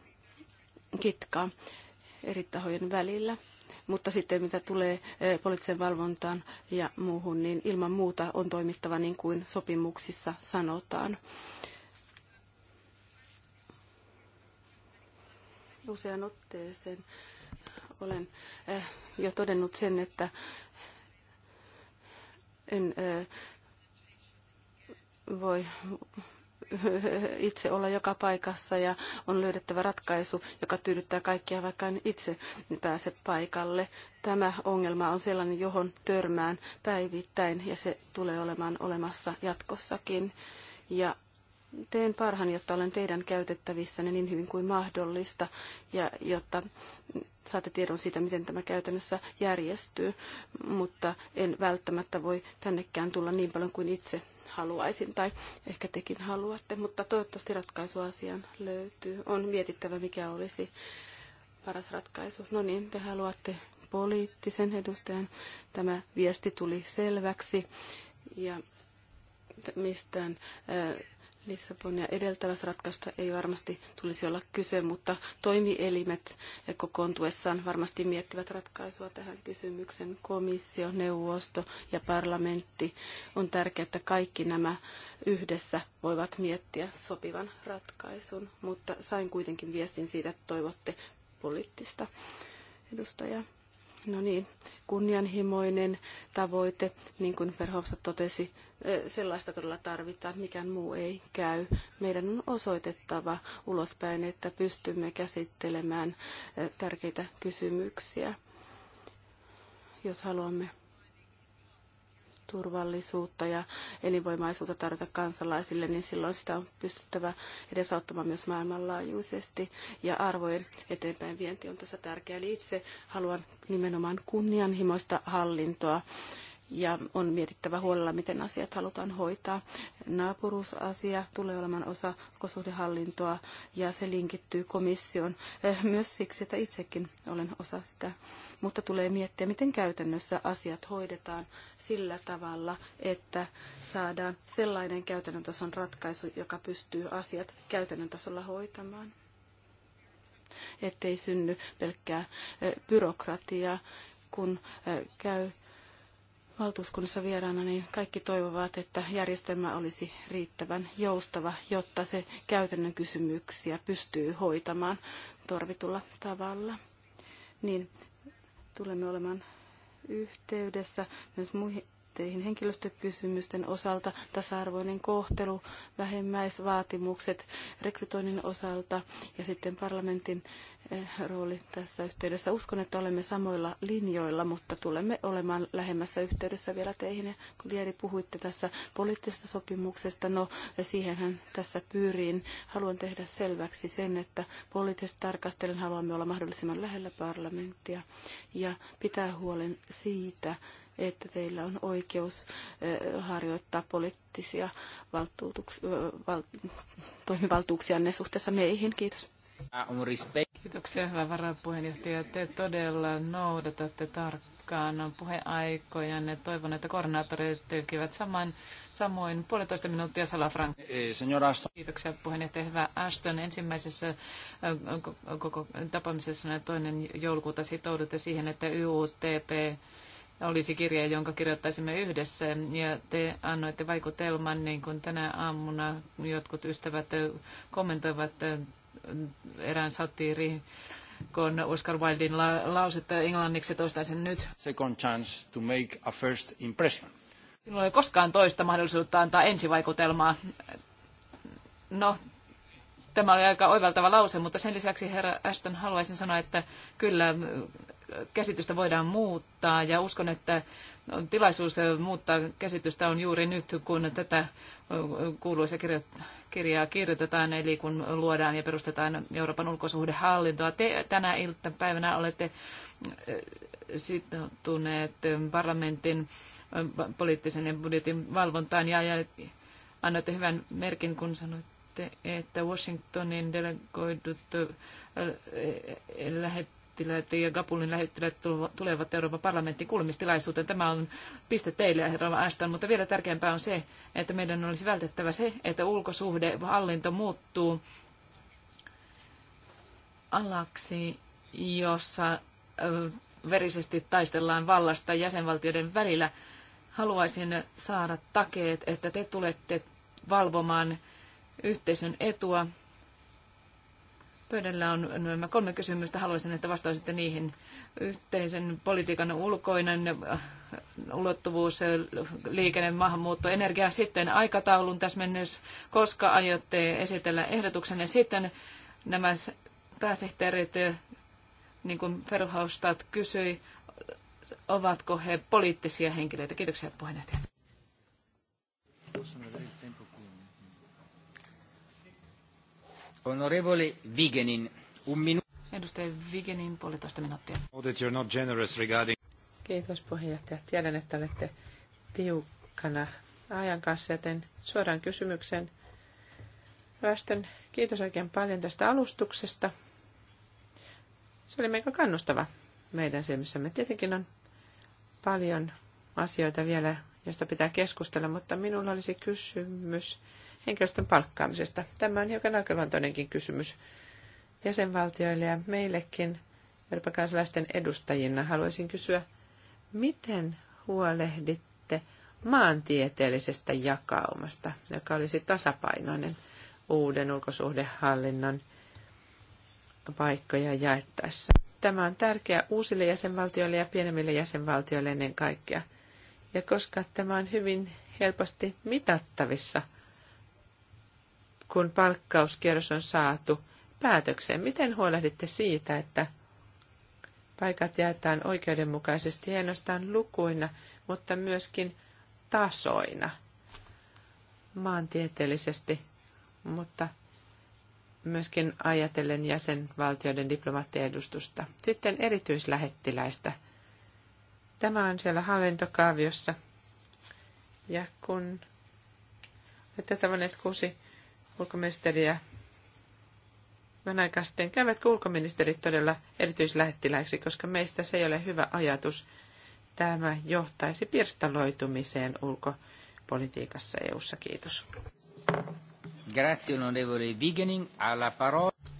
kitkaa eri tahojen välillä. Mutta sitten mitä tulee eh, poliittiseen valvontaan ja muuhun, niin ilman muuta on toimittava niin kuin sopimuksissa sanotaan. Usean otteeseen olen eh, jo todennut sen, että en eh, voi itse olla joka paikassa ja on löydettävä ratkaisu, joka tyydyttää kaikkia, vaikka en itse pääse paikalle. Tämä ongelma on sellainen, johon törmään päivittäin ja se tulee olemaan olemassa jatkossakin. Ja teen parhaan, jotta olen teidän käytettävissäni niin hyvin kuin mahdollista ja jotta saatte tiedon siitä, miten tämä käytännössä järjestyy, mutta en välttämättä voi tännekään tulla niin paljon kuin itse haluaisin, tai ehkä tekin haluatte, mutta toivottavasti ratkaisu asiaan löytyy. On mietittävä, mikä olisi paras ratkaisu. No niin, te haluatte poliittisen edustajan. Tämä viesti tuli selväksi, ja mistään Lissabonia edeltävässä ratkaisusta ei varmasti tulisi olla kyse, mutta toimielimet kokoontuessaan varmasti miettivät ratkaisua tähän kysymykseen. Komissio, neuvosto ja parlamentti on tärkeää, että kaikki nämä yhdessä voivat miettiä sopivan ratkaisun, mutta sain kuitenkin viestin siitä, että toivotte poliittista edustajaa. No niin, kunnianhimoinen tavoite, niin kuin Verhofstadt totesi, sellaista todella tarvitaan, mikään muu ei käy. Meidän on osoitettava ulospäin, että pystymme käsittelemään tärkeitä kysymyksiä, jos haluamme turvallisuutta ja elinvoimaisuutta tarjota kansalaisille, niin silloin sitä on pystyttävä edesauttamaan myös maailmanlaajuisesti. Ja arvojen eteenpäin vienti on tässä tärkeää. Eli itse haluan nimenomaan kunnianhimoista hallintoa ja on mietittävä huolella, miten asiat halutaan hoitaa. Naapuruusasia tulee olemaan osa kosuhdehallintoa ja se linkittyy komission eh, myös siksi, että itsekin olen osa sitä mutta tulee miettiä, miten käytännössä asiat hoidetaan sillä tavalla, että saadaan sellainen käytännön tason ratkaisu, joka pystyy asiat käytännön tasolla hoitamaan. Ettei synny pelkkää byrokratiaa, kun käy valtuuskunnassa vieraana, niin kaikki toivovat, että järjestelmä olisi riittävän joustava, jotta se käytännön kysymyksiä pystyy hoitamaan torvitulla tavalla. Niin tulemme olemaan yhteydessä myös muihin teihin henkilöstökysymysten osalta, tasa-arvoinen kohtelu, vähimmäisvaatimukset rekrytoinnin osalta ja sitten parlamentin eh, rooli tässä yhteydessä. Uskon, että olemme samoilla linjoilla, mutta tulemme olemaan lähemmässä yhteydessä vielä teihin. Ja kun Lieri puhuitte tässä poliittisesta sopimuksesta, no siihenhän tässä pyyriin. Haluan tehdä selväksi sen, että poliittisesti tarkastellen haluamme olla mahdollisimman lähellä parlamenttia ja pitää huolen siitä, että teillä on oikeus harjoittaa poliittisia toimivaltuuksia ne suhteessa meihin. Kiitos. Kiitoksia, hyvä varapuheenjohtaja. Te todella noudatatte tarkkaan puheaikoja. Ne toivon, että koordinaattorit tykivät saman, samoin puolitoista minuuttia salafrank. Eh, eh, Kiitoksia puheenjohtaja. Hyvä Ashton. Ensimmäisessä koko tapaamisessa toinen joulukuuta sitoudutte siihen, että YUTP olisi kirja, jonka kirjoittaisimme yhdessä. Ja te annoitte vaikutelman, niin kuin tänä aamuna jotkut ystävät kommentoivat erään satiiri kun Oscar Wildin la- lausetta englanniksi toistaisin nyt. Second chance to make a first impression. Sinulla ei koskaan toista mahdollisuutta antaa ensivaikutelmaa. No, tämä oli aika oivaltava lause, mutta sen lisäksi herra Ashton haluaisin sanoa, että kyllä käsitystä voidaan muuttaa ja uskon, että tilaisuus muuttaa käsitystä on juuri nyt, kun tätä kuuluisa kirjaa kirjoitetaan, eli kun luodaan ja perustetaan Euroopan ulkosuhdehallintoa. Te tänä iltapäivänä olette äh, sitoutuneet parlamentin äh, poliittisen ja budjetin valvontaan ja annoitte hyvän merkin, kun sanoitte, että Washingtonin delegoidut äh, lähettiläät lähettiläät ja Kabulin lähettiläät tulevat Euroopan parlamentin kuulemistilaisuuteen. Tämä on piste teille, herra Ashton, mutta vielä tärkeämpää on se, että meidän olisi vältettävä se, että ulkosuhde hallinto muuttuu alaksi, jossa verisesti taistellaan vallasta jäsenvaltioiden välillä. Haluaisin saada takeet, että te tulette valvomaan yhteisön etua Pöydällä on nämä kolme kysymystä. Haluaisin, että vastaisitte niihin. Yhteisen politiikan ulkoinen äh, ulottuvuus, liikenne, maahanmuutto, energia, sitten aikataulun täsmennys, koska aiotte esitellä ehdotuksenne. Sitten nämä pääsihteerit, äh, niin kuin Ferhaustat kysyi, ovatko he poliittisia henkilöitä. Kiitoksia puheenjohtaja. Honorevole Vigenin, un minuutti. Edustaja Vigenin, puolitoista minuuttia. Kiitos puheenjohtaja. Tiedän, että olette tiukkana ajan kanssa, joten suoraan kysymykseen. Rasten, kiitos oikein paljon tästä alustuksesta. Se oli melko kannustava meidän silmissämme. Tietenkin on paljon asioita vielä, josta pitää keskustella, mutta minulla olisi kysymys henkilöstön palkkaamisesta. Tämä on hiukan arkaluontoinenkin kysymys jäsenvaltioille ja meillekin Euroopan kansalaisten edustajina. Haluaisin kysyä, miten huolehditte maantieteellisestä jakaumasta, joka olisi tasapainoinen uuden ulkosuhdehallinnon paikkoja jaettaessa. Tämä on tärkeää uusille jäsenvaltioille ja pienemmille jäsenvaltioille ennen kaikkea. Ja koska tämä on hyvin helposti mitattavissa – kun palkkauskierros on saatu päätökseen? Miten huolehditte siitä, että paikat jaetaan oikeudenmukaisesti ainoastaan lukuina, mutta myöskin tasoina maantieteellisesti, mutta myöskin ajatellen jäsenvaltioiden diplomaattiedustusta. Sitten erityislähettiläistä. Tämä on siellä hallintokaaviossa. Ja kun että tämmöinen kuusi ulkoministeriä vähän aikaa sitten, käyvätkö ulkoministerit todella erityislähettiläiksi, koska meistä se ei ole hyvä ajatus. Tämä johtaisi pirstaloitumiseen ulkopolitiikassa EU-ssa. Kiitos.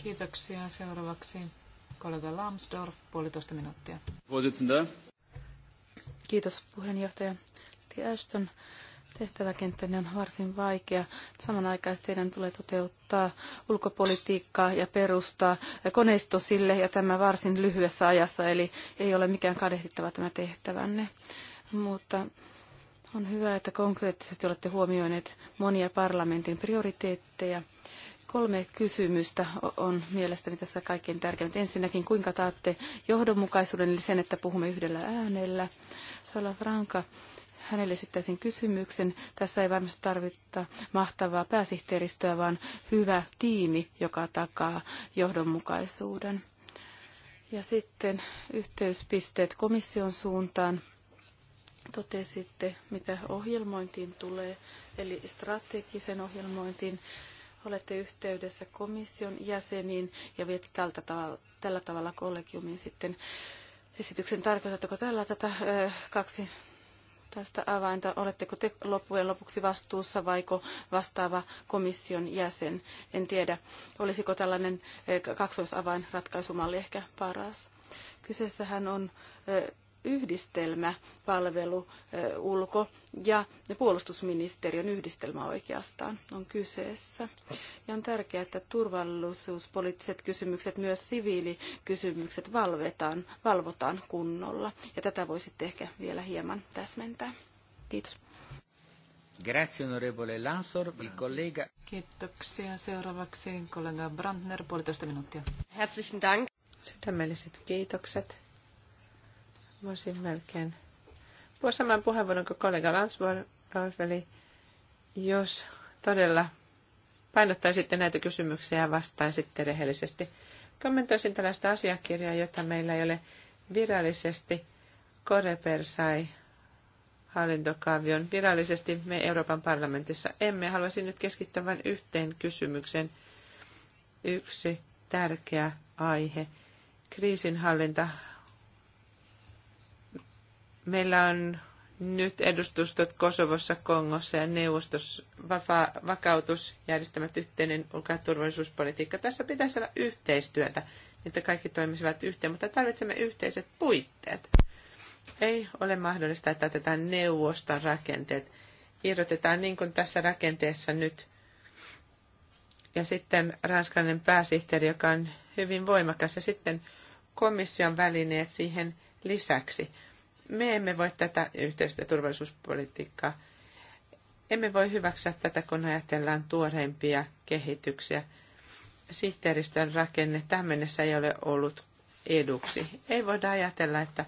Kiitoksia. Seuraavaksi kollega Lambsdorff, puolitoista minuuttia. Kiitos puheenjohtaja. Ashton Tehtäväkenttäni on varsin vaikea. Samanaikaisesti teidän tulee toteuttaa ulkopolitiikkaa ja perustaa koneisto sille ja tämä varsin lyhyessä ajassa, eli ei ole mikään kadehdittava tämä tehtävänne. Mutta on hyvä, että konkreettisesti olette huomioineet monia parlamentin prioriteetteja. Kolme kysymystä on mielestäni tässä kaikkein tärkeimmät. Ensinnäkin, kuinka taatte johdonmukaisuuden, eli sen, että puhumme yhdellä äänellä. Sola Franka hänelle esittäisin kysymyksen. Tässä ei varmasti tarvita mahtavaa pääsihteeristöä, vaan hyvä tiimi, joka takaa johdonmukaisuuden. Ja sitten yhteyspisteet komission suuntaan. Totesitte, mitä ohjelmointiin tulee, eli strategisen ohjelmointiin. Olette yhteydessä komission jäseniin ja viette tältä tavalla, tällä tavalla kollegiumin sitten esityksen tarkoitatteko tällä tätä ö, kaksi tästä avainta. Oletteko te loppujen lopuksi vastuussa vaiko vastaava komission jäsen? En tiedä, olisiko tällainen eh, kaksoisavain ratkaisumalli ehkä paras. Kyseessähän on eh, yhdistelmäpalvelu, ulko- ja puolustusministeriön yhdistelmä oikeastaan on kyseessä. Ja on tärkeää, että turvallisuuspoliittiset kysymykset, myös siviilikysymykset valvetaan, valvotaan kunnolla. Ja tätä voisitte ehkä vielä hieman täsmentää. Kiitos. Grazie onorevole Lansor, il collega... Kiitoksia. Seuraavaksi kollega Brandner, puolitoista minuuttia. Herzlichen Dank. Sydämelliset kiitokset voisin melkein puhua saman puheenvuoron kuin kollega Lansborg, eli jos todella painottaisitte näitä kysymyksiä ja vastaisitte rehellisesti. Kommentoisin tällaista asiakirjaa, jota meillä ei ole virallisesti. Koreper sai hallintokaavion virallisesti. Me Euroopan parlamentissa emme. Haluaisin nyt keskittää vain yhteen kysymykseen. Yksi tärkeä aihe. Kriisinhallinta Meillä on nyt edustustot Kosovossa, Kongossa ja neuvostos, vapa- järjestämät yhteinen ulko- ja turvallisuuspolitiikka. Tässä pitäisi olla yhteistyötä, että kaikki toimisivat yhteen, mutta tarvitsemme yhteiset puitteet. Ei ole mahdollista, että otetaan neuvoston rakenteet, irrotetaan niin kuin tässä rakenteessa nyt. Ja sitten ranskalainen pääsihteeri, joka on hyvin voimakas, ja sitten komission välineet siihen lisäksi. Me emme voi tätä yhteistä turvallisuuspolitiikkaa, emme voi hyväksyä tätä, kun ajatellaan tuoreimpia kehityksiä. Sihteeristön rakenne tähän mennessä ei ole ollut eduksi. Ei voida ajatella, että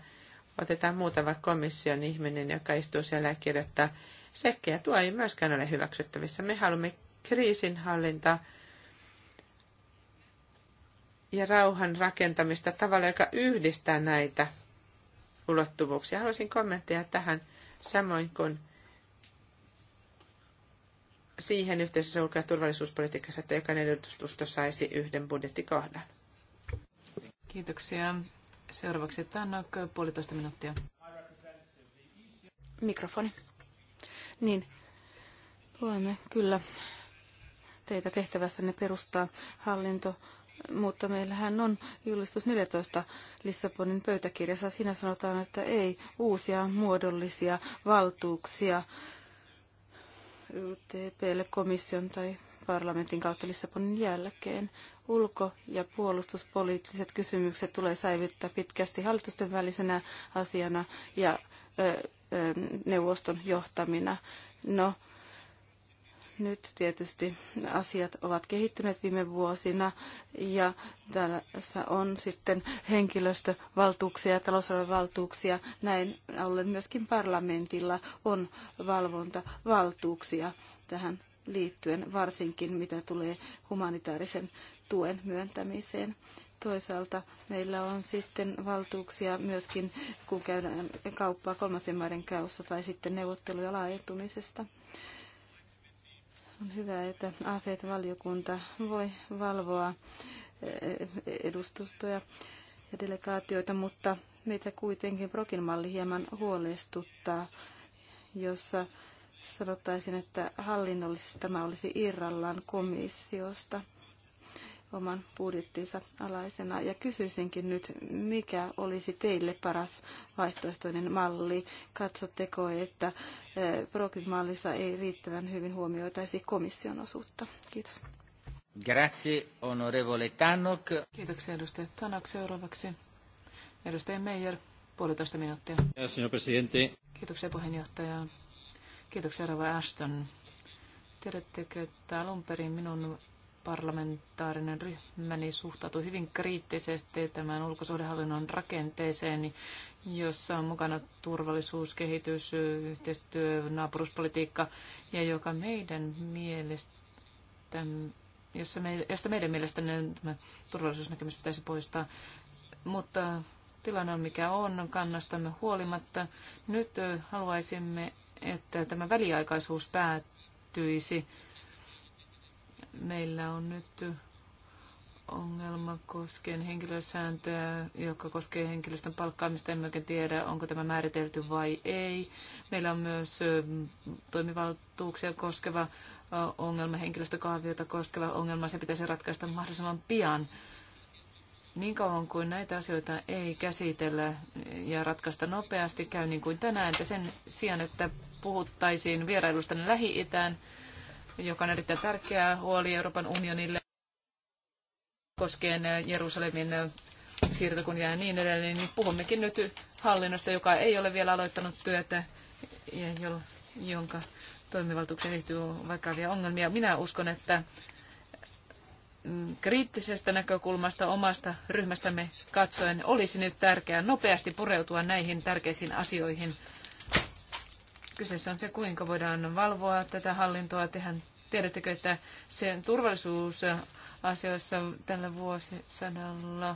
otetaan muutama komission ihminen, joka istuu siellä ja kirjoittaa sekkejä. Tuo ei myöskään ole hyväksyttävissä. Me haluamme kriisinhallinta ja rauhan rakentamista tavalla, joka yhdistää näitä ulottuvuuksia. Haluaisin kommentteja tähän samoin kuin siihen yhteisessä ulko- ja turvallisuuspolitiikassa, että jokainen edustusto saisi yhden budjettikohdan. Kiitoksia. Seuraavaksi Tannak, puolitoista minuuttia. Mikrofoni. Niin, luemme kyllä teitä tehtävässänne perustaa hallinto mutta meillähän on julistus 14 Lissabonin pöytäkirjassa. Siinä sanotaan, että ei uusia muodollisia valtuuksia YTPlle komission tai parlamentin kautta Lissabonin jälkeen. Ulko- ja puolustuspoliittiset kysymykset tulee säilyttää pitkästi hallitusten välisenä asiana ja ö, ö, neuvoston johtamina. No, nyt tietysti asiat ovat kehittyneet viime vuosina ja tässä on sitten henkilöstövaltuuksia ja talousarvovaltuuksia. Näin ollen myöskin parlamentilla on valvontavaltuuksia tähän liittyen, varsinkin mitä tulee humanitaarisen tuen myöntämiseen toisaalta meillä on sitten valtuuksia myöskin, kun käydään kauppaa kolmansien maiden käyssä tai sitten neuvotteluja laajentumisesta. On hyvä, että AFET-valiokunta voi valvoa eh, edustustoja ja delegaatioita, mutta meitä kuitenkin Prokin malli hieman huolestuttaa, jossa sanottaisin, että hallinnollisesti tämä olisi irrallaan komissiosta – oman budjettinsa alaisena. Ja kysyisinkin nyt, mikä olisi teille paras vaihtoehtoinen malli? Katsotteko, että Brokin-mallissa eh, ei riittävän hyvin huomioitaisi komission osuutta? Kiitos. Grazie, onorevole Tannock. Kiitoksia, edustaja Tannock. Seuraavaksi edustaja Meijer, puolitoista minuuttia. Signor Presidente. Kiitoksia, puheenjohtaja. Kiitoksia, Rava Ashton. Tiedättekö, että alun perin minun parlamentaarinen ryhmäni suhtautui hyvin kriittisesti tämän ulkosuhdehallinnon rakenteeseen, jossa on mukana turvallisuus, kehitys, yhteistyö, naapuruspolitiikka, ja joka meidän mielestä, jossa me, josta meidän mielestämme tämä turvallisuusnäkemys pitäisi poistaa. Mutta tilanne on mikä on, kannastamme huolimatta. Nyt haluaisimme, että tämä väliaikaisuus päättyisi meillä on nyt ongelma koskien henkilösääntöä, joka koskee henkilöstön palkkaamista. En oikein tiedä, onko tämä määritelty vai ei. Meillä on myös toimivaltuuksia koskeva ongelma, henkilöstökaaviota koskeva ongelma. Se pitäisi ratkaista mahdollisimman pian. Niin kauan kuin näitä asioita ei käsitellä ja ratkaista nopeasti, käy niin kuin tänään, että sen sijaan, että puhuttaisiin vierailusta lähi-itään, joka on erittäin tärkeä huoli Euroopan unionille koskien Jerusalemin siirtokunnia ja niin edelleen, niin puhummekin nyt hallinnosta, joka ei ole vielä aloittanut työtä ja jonka toimivaltuuksiin liittyy vakavia ongelmia. Minä uskon, että kriittisestä näkökulmasta omasta ryhmästämme katsoen olisi nyt tärkeää nopeasti pureutua näihin tärkeisiin asioihin Kyseessä on se, kuinka voidaan valvoa tätä hallintoa. Tehän tiedättekö, että sen turvallisuusasioissa tällä vuosisadalla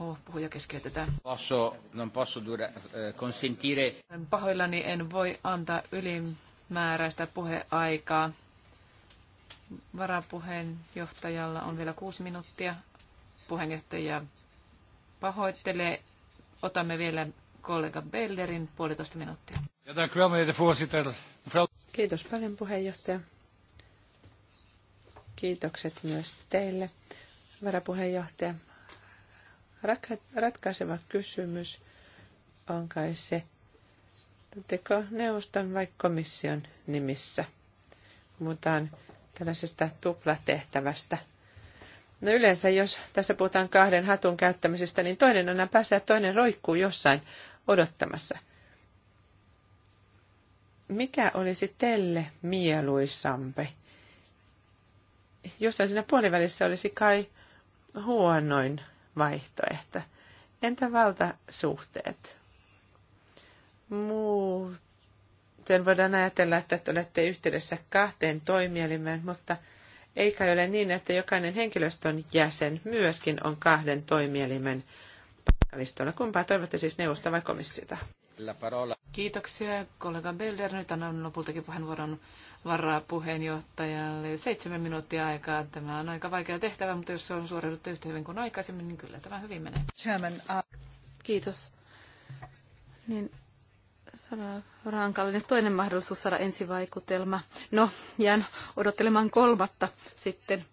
oh, puhuja keskeytetään. Posso, non posso dura, eh, consentire. Pahoillani en voi antaa ylimääräistä puheaikaa. Varapuheenjohtajalla on vielä kuusi minuuttia. Puheenjohtaja pahoittelee, Otamme vielä kollega Bellerin puolitoista minuuttia. Kiitos paljon puheenjohtaja. Kiitokset myös teille, varapuheenjohtaja. Ratkaiseva kysymys on kai se, teko neuvoston vai komission nimissä. Puhutaan tällaisesta tuplatehtävästä – No yleensä, jos tässä puhutaan kahden hatun käyttämisestä, niin toinen on päässä ja toinen roikkuu jossain odottamassa. Mikä olisi teille mieluisampi? Jossain siinä puolivälissä olisi kai huonoin vaihtoehto. Entä valtasuhteet? Muuten voidaan ajatella, että olette yhteydessä kahteen toimielimeen, mutta – eikä ole niin, että jokainen henkilöstön jäsen myöskin on kahden toimielimen palkkalistoilla. Kumpaa toivotte siis neuvosta vai komissiota? Kiitoksia kollega Belder. Nyt annan lopultakin puheenvuoron varaa puheenjohtajalle. Seitsemän minuuttia aikaa. Tämä on aika vaikea tehtävä, mutta jos se on suoriuduttu yhtä hyvin kuin aikaisemmin, niin kyllä tämä hyvin menee. Uh, Kiitos. Niin Sara rankallinen. toinen mahdollisuus saada ensivaikutelma. No, jään odottelemaan kolmatta sitten,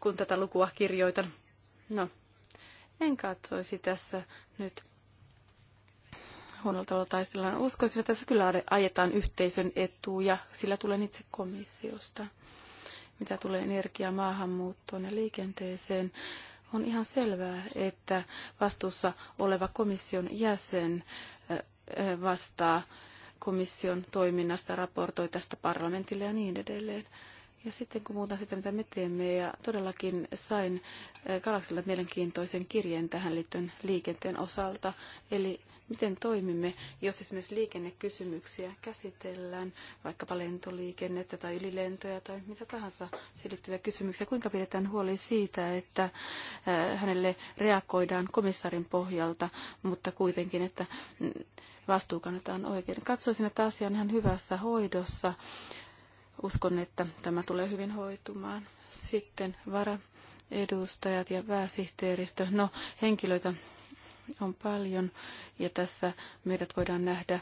kun tätä lukua kirjoitan. No, en katsoisi tässä nyt huonolla tavalla taistellaan. Uskoisin, että tässä kyllä ajetaan yhteisön etuja, sillä tulen itse komissiosta. Mitä tulee energiaa maahanmuuttoon ja liikenteeseen, on ihan selvää, että vastuussa oleva komission jäsen vastaa komission toiminnasta, raportoi tästä parlamentille ja niin edelleen. Ja sitten kun muuta sitä, mitä me teemme, ja todellakin sain Galaksilta mielenkiintoisen kirjeen tähän liittyen liikenteen osalta, eli miten toimimme, jos esimerkiksi liikennekysymyksiä käsitellään, vaikkapa lentoliikennettä tai ylilentoja tai mitä tahansa silittyviä kysymyksiä, kuinka pidetään huoli siitä, että hänelle reagoidaan komissarin pohjalta, mutta kuitenkin, että mm, vastuu kannetaan oikein. Katsoisin, että asia on ihan hyvässä hoidossa. Uskon, että tämä tulee hyvin hoitumaan. Sitten varaedustajat ja pääsihteeristö. No, henkilöitä on paljon ja tässä meidät voidaan nähdä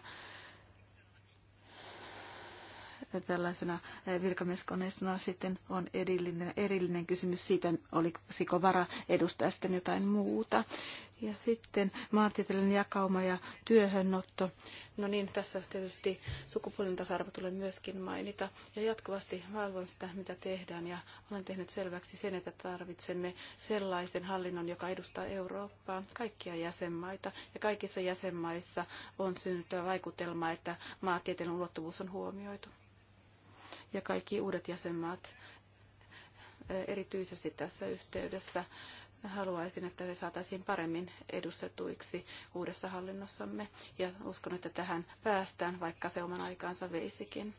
tällaisena eh, virkamieskoneistona sitten on erillinen, erillinen kysymys siitä, oliko edustaa sitten jotain muuta. Ja sitten maantieteellinen jakauma ja työhönotto. No niin, tässä tietysti sukupuolinen tasa-arvo tulee myöskin mainita. Ja jatkuvasti valvon sitä, mitä tehdään. Ja olen tehnyt selväksi sen, että tarvitsemme sellaisen hallinnon, joka edustaa Eurooppaa, kaikkia jäsenmaita. Ja kaikissa jäsenmaissa on synnyttävä vaikutelma, että maantieteellinen ulottuvuus on huomioitu ja kaikki uudet jäsenmaat eh, erityisesti tässä yhteydessä haluaisin, että me saataisiin paremmin edustetuiksi uudessa hallinnossamme. Ja uskon, että tähän päästään, vaikka se oman aikaansa veisikin.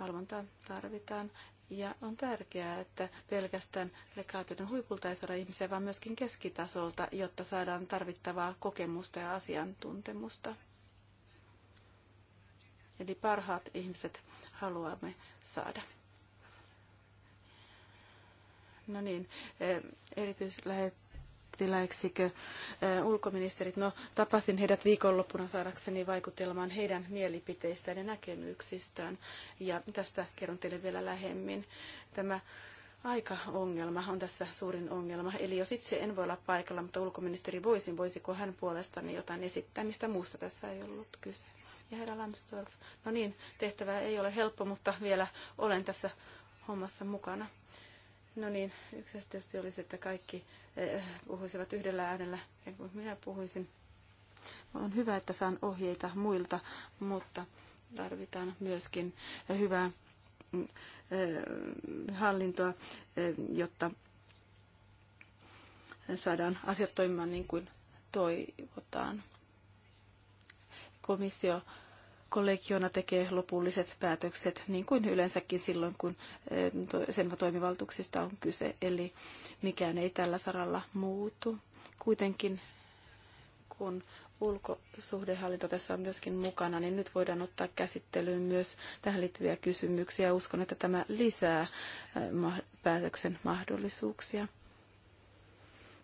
Valvontaa tarvitaan. Ja on tärkeää, että pelkästään rekaatioiden huipulta ei saada ihmisiä, vaan myöskin keskitasolta, jotta saadaan tarvittavaa kokemusta ja asiantuntemusta. Eli parhaat ihmiset haluamme saada. No niin, eh, erityislähettiläiksikö eh, ulkoministerit? No, tapasin heidät viikonloppuna saadakseni vaikutelmaan heidän mielipiteistään ja näkemyksistään. Ja tästä kerron teille vielä lähemmin. Tämä aika ongelma on tässä suurin ongelma. Eli jos itse en voi olla paikalla, mutta ulkoministeri voisin, voisiko hän puolestani jotain esittää, mistä muusta tässä ei ollut kyse ja herra Lambsdorff. No niin, tehtävä ei ole helppo, mutta vielä olen tässä hommassa mukana. No niin, yksi tietysti olisi, että kaikki eh, puhuisivat yhdellä äänellä, ja kun minä puhuisin. On hyvä, että saan ohjeita muilta, mutta tarvitaan myöskin hyvää mm, eh, hallintoa, eh, jotta saadaan asiat toimimaan niin kuin toivotaan komissio kollegiona tekee lopulliset päätökset, niin kuin yleensäkin silloin, kun eh, sen toimivaltuuksista on kyse. Eli mikään ei tällä saralla muutu. Kuitenkin kun ulkosuhdehallinto tässä on myöskin mukana, niin nyt voidaan ottaa käsittelyyn myös tähän liittyviä kysymyksiä. Uskon, että tämä lisää eh, päätöksen mahdollisuuksia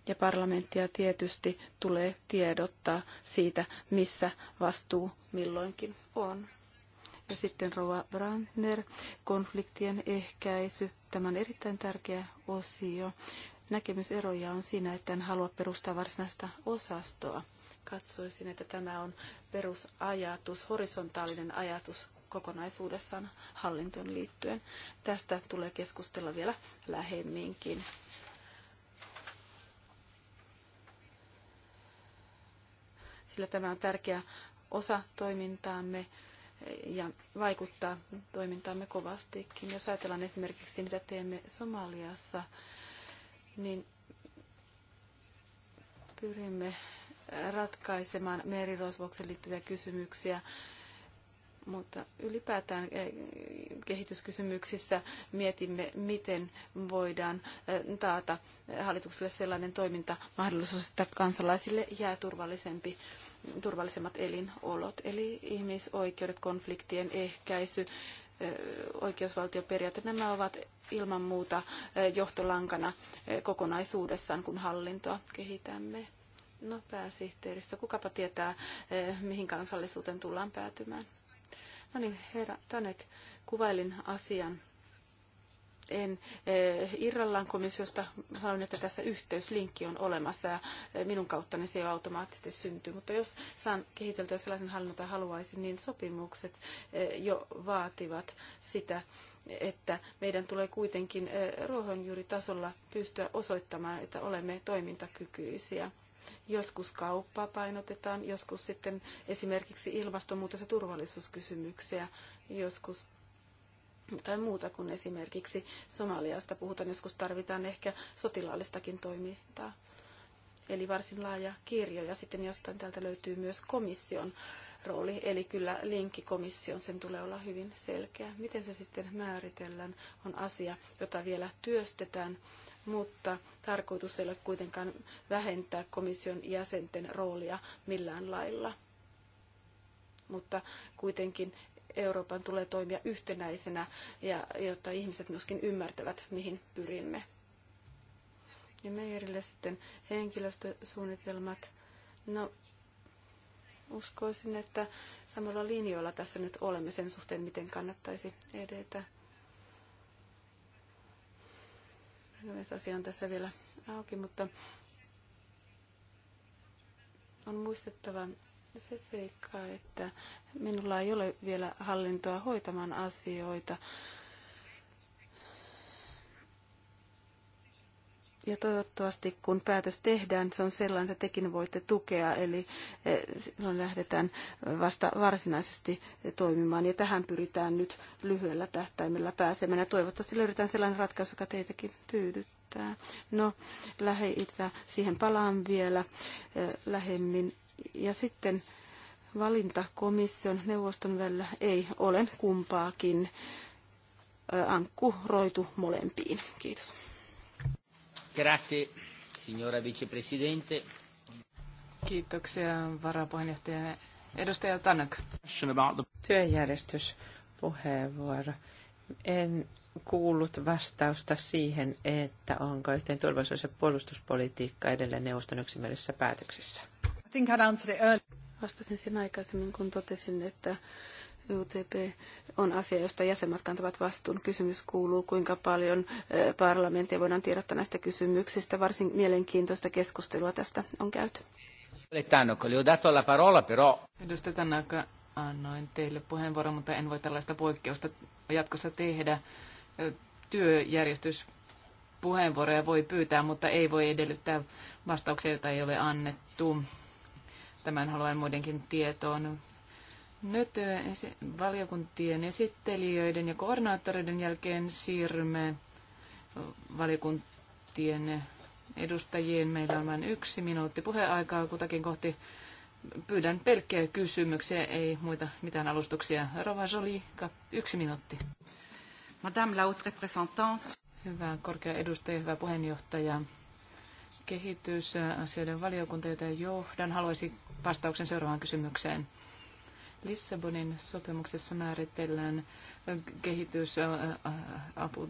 ja parlamenttia tietysti tulee tiedottaa siitä, missä vastuu milloinkin on. Ja sitten Rova Brandner, konfliktien ehkäisy. Tämä on erittäin tärkeä osio. Näkemyseroja on siinä, että en halua perustaa varsinaista osastoa. Katsoisin, että tämä on perusajatus, horisontaalinen ajatus kokonaisuudessaan hallintoon liittyen. Tästä tulee keskustella vielä lähemminkin sillä tämä on tärkeä osa toimintaamme ja vaikuttaa toimintaamme kovastikin. Jos ajatellaan esimerkiksi, mitä teemme Somaliassa, niin pyrimme ratkaisemaan merirosvoksen liittyviä kysymyksiä mutta ylipäätään eh, kehityskysymyksissä mietimme, miten voidaan eh, taata eh, hallitukselle sellainen toimintamahdollisuus, että kansalaisille jää turvallisempi turvallisemmat elinolot, eli ihmisoikeudet, konfliktien ehkäisy, oikeusvaltioperiaate, nämä ovat ilman muuta johtolankana kokonaisuudessaan, kun hallintoa kehitämme. No pääsihteeristö, kukapa tietää, mihin kansallisuuteen tullaan päätymään. No niin, herra Tanek, kuvailin asian en eh, irrallaan komissiosta, sanon, että tässä yhteyslinkki on olemassa ja eh, minun kauttani se jo automaattisesti syntyy. Mutta jos saan kehiteltyä sellaisen hallinnon, jota haluaisin, niin sopimukset eh, jo vaativat sitä, että meidän tulee kuitenkin ruohonjuuritasolla pystyä osoittamaan, että olemme toimintakykyisiä Joskus kauppaa painotetaan, joskus sitten esimerkiksi ilmastonmuutos- ja turvallisuuskysymyksiä, joskus tai muuta kuin esimerkiksi Somaliasta puhutaan, joskus tarvitaan ehkä sotilaallistakin toimintaa. Eli varsin laaja kirjo ja sitten jostain täältä löytyy myös komission rooli. Eli kyllä linkki sen tulee olla hyvin selkeä. Miten se sitten määritellään, on asia, jota vielä työstetään, mutta tarkoitus ei ole kuitenkaan vähentää komission jäsenten roolia millään lailla. Mutta kuitenkin Euroopan tulee toimia yhtenäisenä, ja, jotta ihmiset myöskin ymmärtävät, mihin pyrimme. Ja Meijerille sitten henkilöstösuunnitelmat. No, uskoisin, että samalla linjoilla tässä nyt olemme sen suhteen, miten kannattaisi edetä. Asia on tässä vielä auki, mutta on muistettava se seikka, että minulla ei ole vielä hallintoa hoitamaan asioita Ja toivottavasti kun päätös tehdään, se on sellainen, että tekin voitte tukea, eli eh, silloin lähdetään vasta varsinaisesti toimimaan. Ja tähän pyritään nyt lyhyellä tähtäimellä pääsemään. Ja toivottavasti löydetään sellainen ratkaisu, joka teitäkin tyydyttää. No, lähi-itä, siihen palaan vielä eh, lähemmin. Ja sitten valinta komission neuvoston välillä ei ole kumpaakin eh, ankkuroitu molempiin. Kiitos. Grazie, signora vicepresidente. Kiitoksia varapuheenjohtaja edustaja Tanak. En kuullut vastausta siihen, että onko yhteen turvallisuus- ja puolustuspolitiikka edelleen neuvoston yksimielisissä päätöksissä. Vastasin sen aikaisemmin, kun totesin, että UTP on asia, josta jäsenmaat kantavat vastuun. Kysymys kuuluu, kuinka paljon parlamenttia voidaan tiedottaa näistä kysymyksistä. Varsin mielenkiintoista keskustelua tästä on käyty. parola, Edustaja Tannok, annoin teille puheenvuoron, mutta en voi tällaista poikkeusta jatkossa tehdä. Työjärjestyspuheenvuoroja voi pyytää, mutta ei voi edellyttää vastauksia, joita ei ole annettu. Tämän haluan muidenkin tietoon. Nyt valiokuntien esittelijöiden ja koordinaattoreiden jälkeen siirrymme valiokuntien edustajien. Meillä on vain yksi minuutti puheaikaa kutakin kohti. Pyydän pelkkiä kysymyksiä, ei muita mitään alustuksia. Rova Jolie, yksi minuutti. Madame la haute représentante. Hyvä korkea edustaja, hyvä puheenjohtaja. Kehitysasioiden valiokunta, jota johdan, haluaisi vastauksen seuraavaan kysymykseen. Lissabonin sopimuksessa määritellään kehitysapu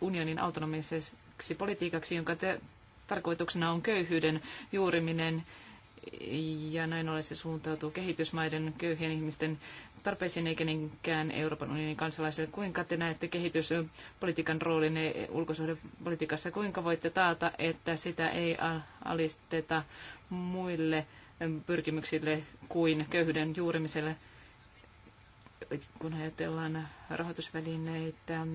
unionin autonomiseksi politiikaksi, jonka te, tarkoituksena on köyhyyden juuriminen ja näin ollen se suuntautuu kehitysmaiden köyhien ihmisten tarpeisiin eikä niinkään Euroopan unionin kansalaisille. Kuinka te näette kehityspolitiikan roolin e, ulkosuhdepolitiikassa? Kuinka voitte taata, että sitä ei alisteta muille pyrkimyksille kuin köyhyyden juurimiselle. Kun ajatellaan rahoitusvälineitä,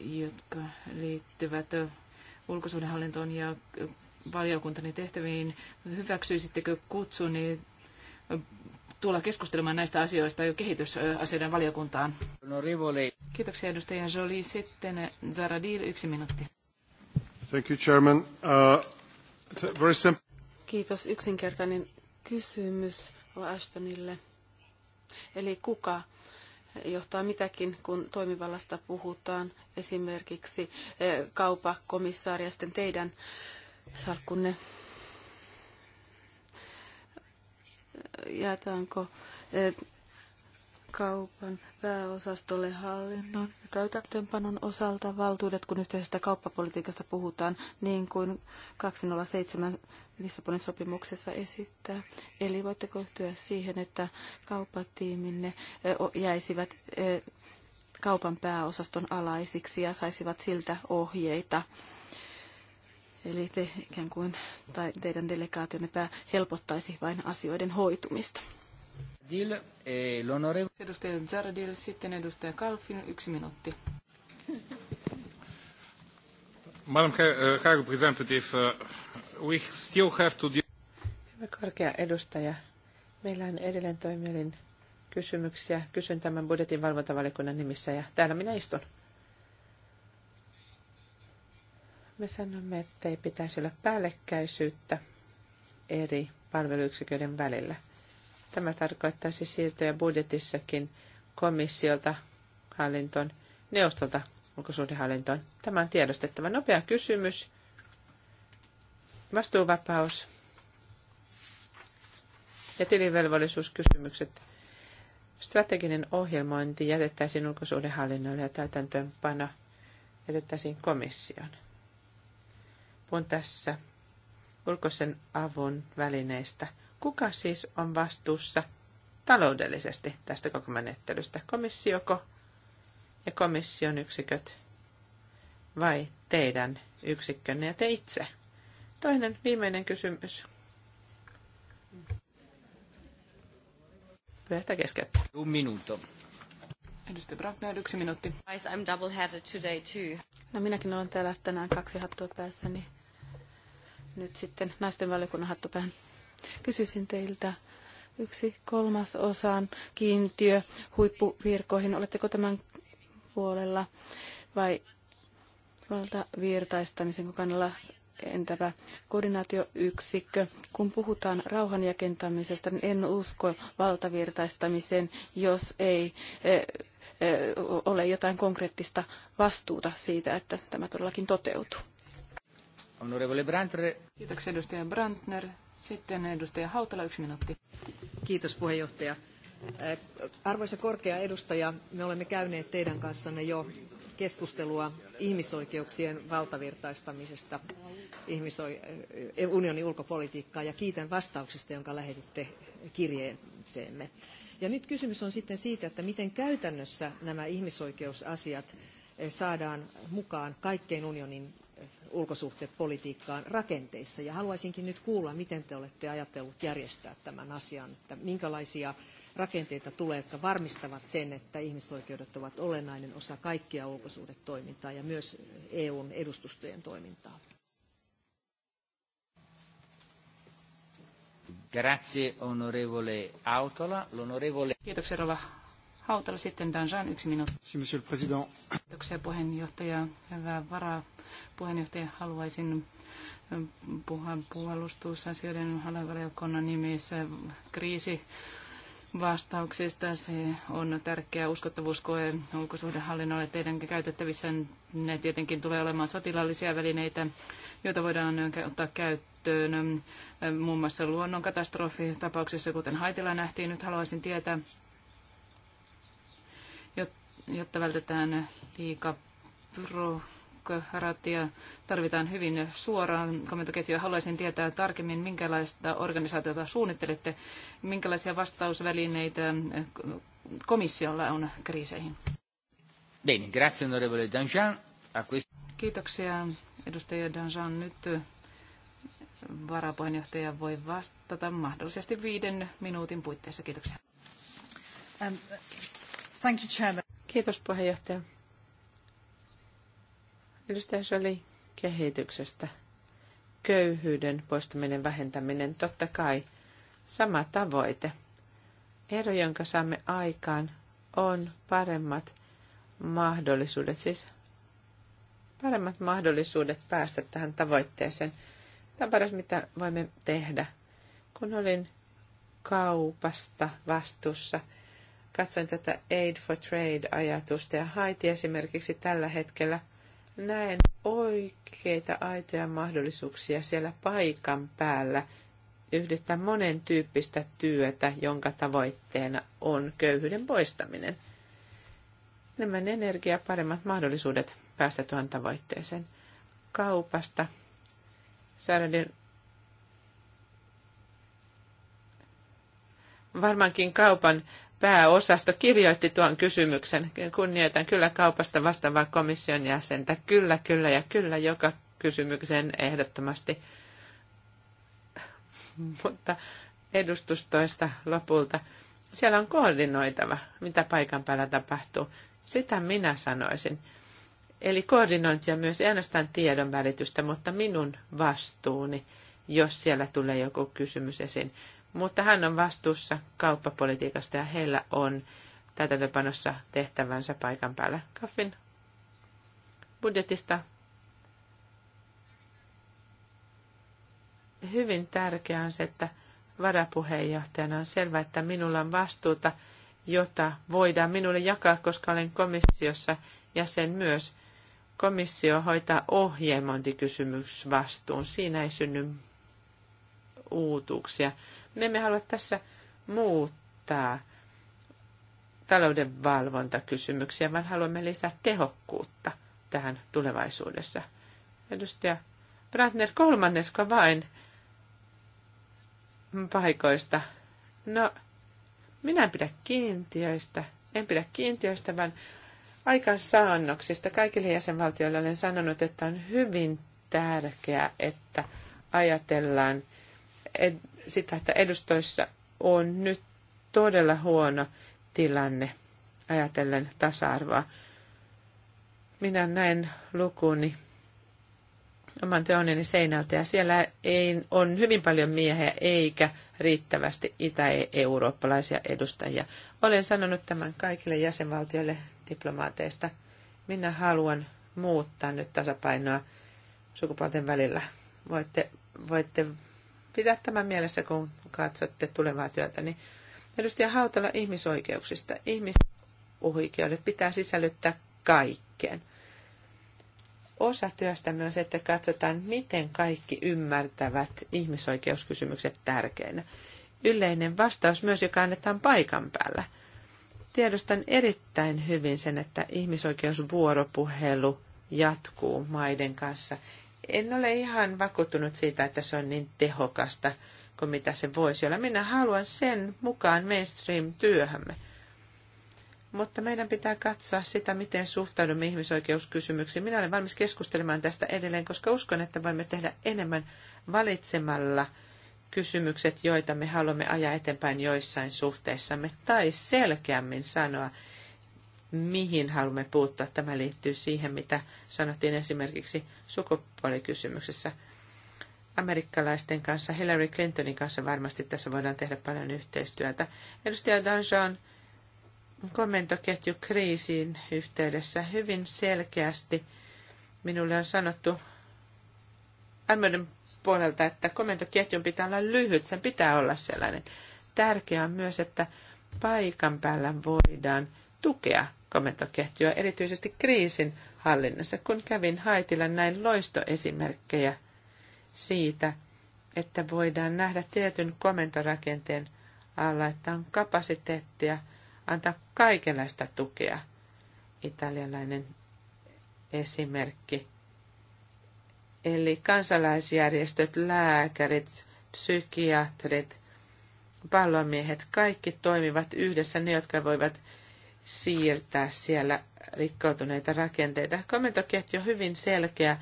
jotka liittyvät ulkosuhdehallintoon ja valiokuntani tehtäviin, hyväksyisittekö kutsuni niin tulla keskustelemaan näistä asioista jo kehitysasioiden valiokuntaan? Kiitoksia edustaja Jolie. Sitten Zaradil, yksi minuutti. Thank you, Chairman. Uh, very simple. Kiitos. Yksinkertainen kysymys Ashtonille. Eli kuka johtaa mitäkin, kun toimivallasta puhutaan, esimerkiksi eh, kaupakomissaari ja sitten teidän salkkunne. Jaetaanko eh, kaupan pääosastolle hallinnon ja täytäntöönpanon osalta valtuudet, kun yhteisestä kauppapolitiikasta puhutaan, niin kuin 207 Lissabonin sopimuksessa esittää. Eli voitteko yhtyä siihen, että kauppatiiminne jäisivät kaupan pääosaston alaisiksi ja saisivat siltä ohjeita? Eli te ikään kuin, tai teidän delegaationne pää helpottaisi vain asioiden hoitumista. Eh, l'onore... Edustaja Zardil, sitten edustaja Kalfin, yksi minuutti. Madam eh, High Representative, eh, we still have to deal... Hyvä korkea edustaja, meillä on edelleen toimielin kysymyksiä. Kysyn tämän budjetin valvontavalikunnan nimissä ja täällä minä istun. Me sanomme, että ei pitäisi olla päällekkäisyyttä eri palveluyksiköiden välillä – Tämä tarkoittaisi siirtoja budjetissakin komissiolta hallintoon, neuvostolta ulkosuhdehallintoon. Tämä on tiedostettava. Nopea kysymys. Vastuuvapaus ja tilivelvollisuuskysymykset. Strateginen ohjelmointi jätettäisiin ulkosuhdehallinnolle ja täytäntöönpano jätettäisiin komissioon. Puhun tässä ulkoisen avun välineistä – Kuka siis on vastuussa taloudellisesti tästä koko menettelystä? Komissioko ja komission yksiköt vai teidän yksikkönne ja te itse? Toinen viimeinen kysymys. Pyöhtä keskeyttää. Un minuto. Edustaja Brackner, yksi minuutti. I'm double-headed today too. No minäkin olen täällä tänään kaksi hattua päässäni. Nyt sitten naisten valiokunnan hattu päähän. Kysyisin teiltä yksi kolmas osan kiintiö huippuvirkoihin. Oletteko tämän puolella vai valtavirtaistamisen kannalla entäpä koordinaatioyksikkö. Kun puhutaan rauhanjakentamisesta, niin en usko valtavirtaistamiseen, jos ei eh, eh, ole jotain konkreettista vastuuta siitä, että tämä todellakin toteutuu. Kiitoksia edustaja Brantner. Sitten edustaja Hautala, yksi minuutti. Kiitos puheenjohtaja. Arvoisa korkea edustaja, me olemme käyneet teidän kanssanne jo keskustelua ihmisoikeuksien valtavirtaistamisesta unionin ulkopolitiikkaa ja kiitän vastauksesta, jonka lähetitte kirjeeseemme. Ja nyt kysymys on sitten siitä, että miten käytännössä nämä ihmisoikeusasiat saadaan mukaan kaikkein unionin ulkosuhdepolitiikkaan rakenteissa. Ja haluaisinkin nyt kuulla, miten te olette ajatellut järjestää tämän asian, että minkälaisia rakenteita tulee, jotka varmistavat sen, että ihmisoikeudet ovat olennainen osa kaikkia ulkosuhdetoimintaa ja myös EUn edustustojen toimintaa. Grazie onorevole Autola. L'onorevole... Kiitoksia rova Hautala sitten Danjan yksi minuutti. Monsieur le Président. Kiitoksia puheenjohtaja. Hyvää varaa. Puheenjohtaja, haluaisin puhua puolustusasioiden hallintovaliokunnan nimissä kriisi vastauksista. Se on tärkeä uskottavuuskoe ulkosuhdehallinnolle teidän käytettävissä. Ne tietenkin tulee olemaan sotilaallisia välineitä, joita voidaan ottaa käyttöön muun muassa luonnonkatastrofitapauksissa, kuten Haitilla nähtiin. Nyt haluaisin tietää, jotta vältetään liika byrokratia. Tarvitaan hyvin suoraan komentoketjua. Haluaisin tietää tarkemmin, minkälaista organisaatiota suunnittelette, minkälaisia vastausvälineitä komissiolla on kriiseihin. Bene, grazie onorevole Danjean. Kiitoksia edustaja Danjean. Nyt varapuheenjohtaja voi vastata mahdollisesti viiden minuutin puitteissa. Kiitoksia. Um, Thank you, Chairman. Kiitos puheenjohtaja. Edustaja Soli kehityksestä. Köyhyyden poistaminen, vähentäminen, totta kai sama tavoite. Ero, jonka saamme aikaan, on paremmat mahdollisuudet, siis paremmat mahdollisuudet päästä tähän tavoitteeseen. Tämä on paras, mitä voimme tehdä. Kun olin kaupasta vastuussa – Katsoin tätä Aid for Trade-ajatusta ja Haiti esimerkiksi tällä hetkellä näen oikeita aitoja mahdollisuuksia siellä paikan päällä yhdistää monen tyyppistä työtä, jonka tavoitteena on köyhyyden poistaminen. Enemmän energiaa, paremmat mahdollisuudet päästä tuohon tavoitteeseen. Kaupasta, säädöiden varmaankin kaupan pääosasto kirjoitti tuon kysymyksen. Kunnioitan kyllä kaupasta vastaavaa komission jäsentä. Kyllä, kyllä ja kyllä joka kysymykseen ehdottomasti. Mutta edustustoista lopulta. Siellä on koordinoitava, mitä paikan päällä tapahtuu. Sitä minä sanoisin. Eli koordinointia myös ei ainoastaan tiedon välitystä, mutta minun vastuuni, jos siellä tulee joku kysymys esiin, mutta hän on vastuussa kauppapolitiikasta ja heillä on täytäntöpanossa tehtävänsä paikan päällä. Kaffin budjetista hyvin tärkeää on se, että varapuheenjohtajana on selvä, että minulla on vastuuta, jota voidaan minulle jakaa, koska olen komissiossa jäsen myös. Komissio hoitaa ohjelmointikysymyksvastuun. Siinä ei synny uutuuksia. Me emme halua tässä muuttaa talouden valvontakysymyksiä, vaan haluamme lisää tehokkuutta tähän tulevaisuudessa. Edustaja Brandner, kolmannesko vain paikoista? No, minä en pidä kiintiöistä. En pidä kiintiöistä, vaan aikansaannoksista. Kaikille jäsenvaltioille olen sanonut, että on hyvin tärkeää, että ajatellaan – sitä, että edustoissa on nyt todella huono tilanne ajatellen tasa-arvoa. Minä näen lukuni oman teoneni seinältä ja siellä ei, on hyvin paljon miehiä eikä riittävästi itä-eurooppalaisia edustajia. Olen sanonut tämän kaikille jäsenvaltioille diplomaateista. Minä haluan muuttaa nyt tasapainoa sukupuolten välillä. Voitte, voitte pitää tämän mielessä, kun katsotte tulevaa työtä. Niin edustaja Hautala ihmisoikeuksista. Ihmisoikeudet pitää sisällyttää kaikkeen. Osa työstä myös, että katsotaan, miten kaikki ymmärtävät ihmisoikeuskysymykset tärkeinä. Yleinen vastaus myös, joka annetaan paikan päällä. Tiedostan erittäin hyvin sen, että ihmisoikeusvuoropuhelu jatkuu maiden kanssa en ole ihan vakuuttunut siitä, että se on niin tehokasta kuin mitä se voisi olla. Minä haluan sen mukaan mainstream-työhömme. Mutta meidän pitää katsoa sitä, miten suhtaudumme ihmisoikeuskysymyksiin. Minä olen valmis keskustelemaan tästä edelleen, koska uskon, että voimme tehdä enemmän valitsemalla kysymykset, joita me haluamme ajaa eteenpäin joissain suhteissamme, tai selkeämmin sanoa, mihin haluamme puuttua. Tämä liittyy siihen, mitä sanottiin esimerkiksi sukupuolikysymyksessä. Amerikkalaisten kanssa, Hillary Clintonin kanssa varmasti tässä voidaan tehdä paljon yhteistyötä. Edustaja Danjean kriisiin yhteydessä hyvin selkeästi minulle on sanottu ämmöiden puolelta, että komentoketjun pitää olla lyhyt, sen pitää olla sellainen. Tärkeää on myös, että paikan päällä voidaan tukea komentoketjua erityisesti kriisin hallinnassa, kun kävin Haitilla näin loistoesimerkkejä siitä, että voidaan nähdä tietyn komentorakenteen alla, että on kapasiteettia antaa kaikenlaista tukea. Italialainen esimerkki. Eli kansalaisjärjestöt, lääkärit, psykiatrit, pallomiehet, kaikki toimivat yhdessä, ne jotka voivat siirtää siellä rikkoutuneita rakenteita. Komentoketju on hyvin selkeä.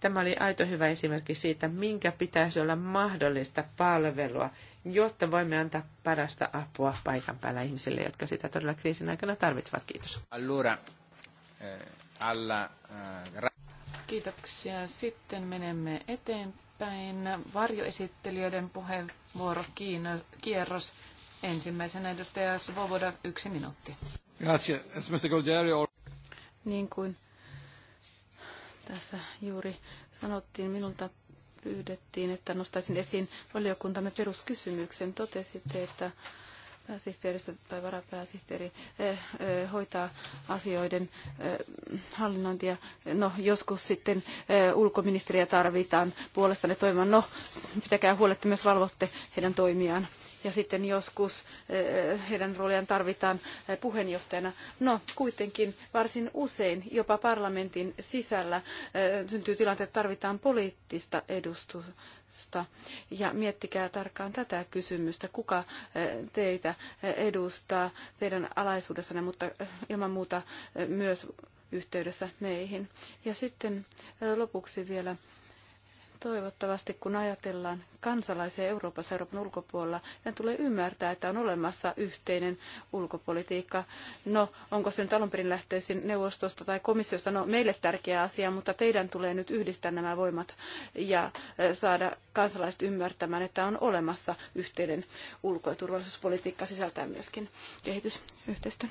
Tämä oli aito hyvä esimerkki siitä, minkä pitäisi olla mahdollista palvelua, jotta voimme antaa parasta apua paikan päällä ihmisille, jotka sitä todella kriisin aikana tarvitsevat. Kiitos. eh, alla, eh, Kiitoksia. Sitten menemme eteenpäin. Varjoesittelijöiden puheenvuoro kierros. Ensimmäisenä edustaja Svoboda, yksi minuutti. Grazie. Niin kuin tässä juuri sanottiin, minulta pyydettiin, että nostaisin esiin valiokuntamme peruskysymyksen. Totesitte, että pääsihteeristö tai varapääsihteeri eh, eh, hoitaa asioiden eh, hallinnointia. No, joskus sitten ulkoministeriä tarvitaan puolestanne toimimaan. No, pitäkää huoletta myös valvotte heidän toimiaan ja sitten joskus eh, heidän rooliaan tarvitaan eh, puheenjohtajana. No, kuitenkin varsin usein jopa parlamentin sisällä eh, syntyy tilanteet, että tarvitaan poliittista edustusta. Ja miettikää tarkkaan tätä kysymystä, kuka teitä edustaa teidän alaisuudessanne, mutta ilman muuta myös yhteydessä meihin. Ja sitten lopuksi vielä Toivottavasti kun ajatellaan kansalaisia Euroopassa Euroopan ulkopuolella, ne tulee ymmärtää, että on olemassa yhteinen ulkopolitiikka. No, onko se nyt alun perin lähtöisin neuvostosta tai komissiosta? No, meille tärkeä asia, mutta teidän tulee nyt yhdistää nämä voimat ja eh, saada kansalaiset ymmärtämään, että on olemassa yhteinen ulko- ja turvallisuuspolitiikka sisältää myöskin kehitysyhteistyö.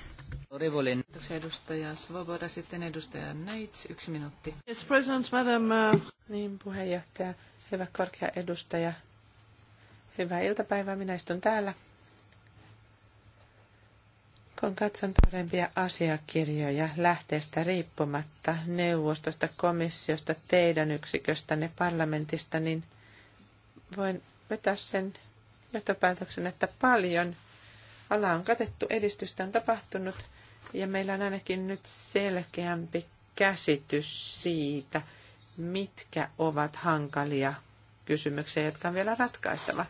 Kiitoksia edustaja Svoboda. Sitten edustaja Neits, yksi minuutti. Yes, Madam. Uh, niin, puheenjohtaja, hyvä korkea edustaja. Hyvää iltapäivää, minä istun täällä. Kun katson parempia asiakirjoja lähteestä riippumatta, neuvostosta, komissiosta, teidän yksiköstänne, parlamentista, niin voin vetää sen johtopäätöksen, että paljon ala on katettu, edistystä on tapahtunut – ja meillä on ainakin nyt selkeämpi käsitys siitä, mitkä ovat hankalia kysymyksiä, jotka on vielä ratkaistava.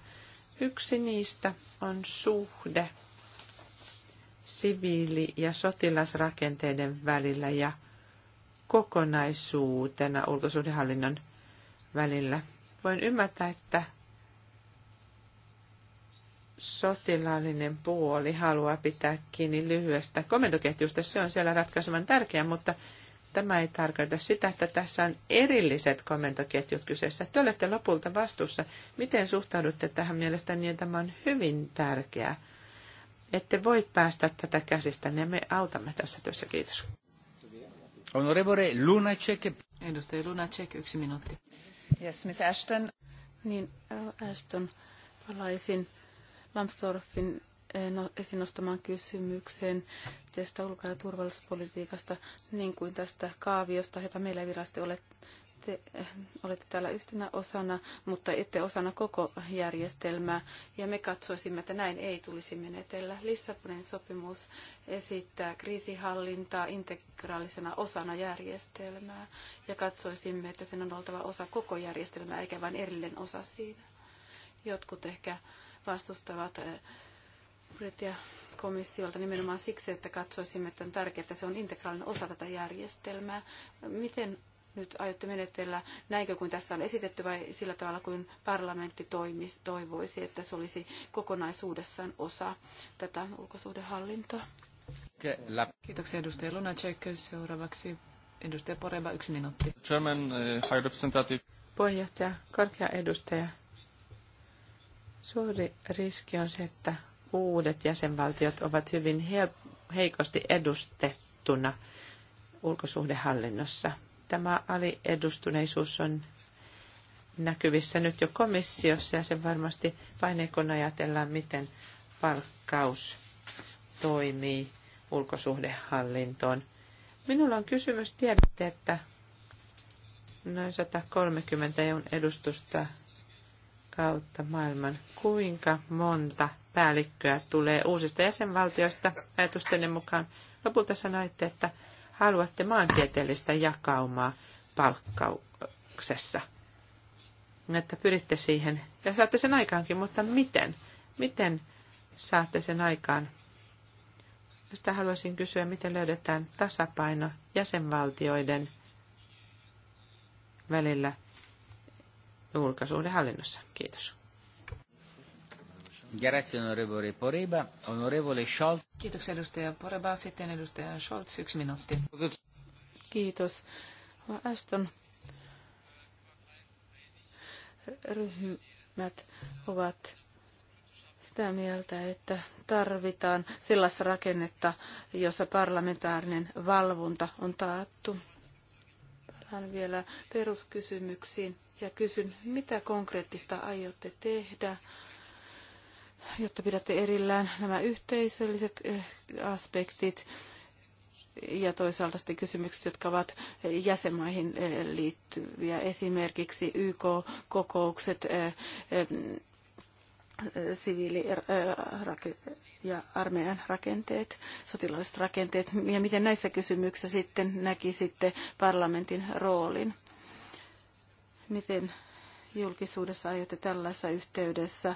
Yksi niistä on suhde siviili- ja sotilasrakenteiden välillä ja kokonaisuutena ulkosuhdehallinnon välillä. Voin ymmärtää, että sotilaallinen puoli haluaa pitää kiinni lyhyestä komentoketjusta. Se on siellä ratkaisevan tärkeä, mutta tämä ei tarkoita sitä, että tässä on erilliset komentoketjut kyseessä. Te olette lopulta vastuussa. Miten suhtaudutte tähän mielestäni? Niin tämä on hyvin tärkeää. Ette voi päästä tätä käsistä, niin me autamme tässä työssä. Kiitos. Honorevole Lunacek. Edustaja Lunacek, yksi minuutti. Yes, Miss Ashton. Niin, Ashton, palaisin Lambsdorffin eh, no, esiin nostamaan kysymykseen tästä ulko- ja turvallisuuspolitiikasta, niin kuin tästä kaaviosta, jota meillä ei virallisesti ole te eh, olette täällä yhtenä osana, mutta ette osana koko järjestelmää. Ja me katsoisimme, että näin ei tulisi menetellä. Lissabonin sopimus esittää kriisihallintaa integraalisena osana järjestelmää. Ja katsoisimme, että sen on oltava osa koko järjestelmää, eikä vain erillinen osa siinä. Jotkut ehkä vastustavat eh, budjettia komissiolta nimenomaan siksi, että katsoisimme, että on tärkeää, että se on integraalinen osa tätä järjestelmää. Miten nyt aiotte menetellä, näinkö kuin tässä on esitetty vai sillä tavalla kuin parlamentti toimisi, toivoisi, että se olisi kokonaisuudessaan osa tätä ulkosuhdehallintoa? Kiitoksia edustaja Lunacek. Seuraavaksi edustaja Poreba, yksi minuutti. German, eh, high representative. Puheenjohtaja, korkea edustaja, Suuri riski on se, että uudet jäsenvaltiot ovat hyvin heikosti edustettuna ulkosuhdehallinnossa. Tämä aliedustuneisuus on näkyvissä nyt jo komissiossa ja se varmasti paineen, kun ajatellaan, miten palkkaus toimii ulkosuhdehallintoon. Minulla on kysymys, tiedätte, että noin 130 EUn edustusta kautta maailman. Kuinka monta päällikköä tulee uusista jäsenvaltioista? Ajatustenne mukaan lopulta sanoitte, että haluatte maantieteellistä jakaumaa palkkauksessa. Että pyritte siihen ja saatte sen aikaankin, mutta miten? Miten saatte sen aikaan? Sitä haluaisin kysyä, miten löydetään tasapaino jäsenvaltioiden välillä – ulkosuhdehallinnossa. Kiitos. Grazie onorevole Poreba. Onorevole Scholz. Kiitoksia edustaja Poreba. Sitten edustaja Scholz, yksi minuutti. Kiitos. Aston ryhmät ovat sitä mieltä, että tarvitaan sellaista rakennetta, jossa parlamentaarinen valvonta on taattu. Palaan vielä peruskysymyksiin ja kysyn, mitä konkreettista aiotte tehdä, jotta pidätte erillään nämä yhteisölliset eh, aspektit ja toisaalta sitten kysymykset, jotka ovat jäsenmaihin eh, liittyviä, esimerkiksi YK-kokoukset, eh, siviili- ja armeijan rakenteet, sotilaalliset rakenteet, ja miten näissä kysymyksissä sitten näkisitte parlamentin roolin. Miten julkisuudessa aiotte tällaisessa yhteydessä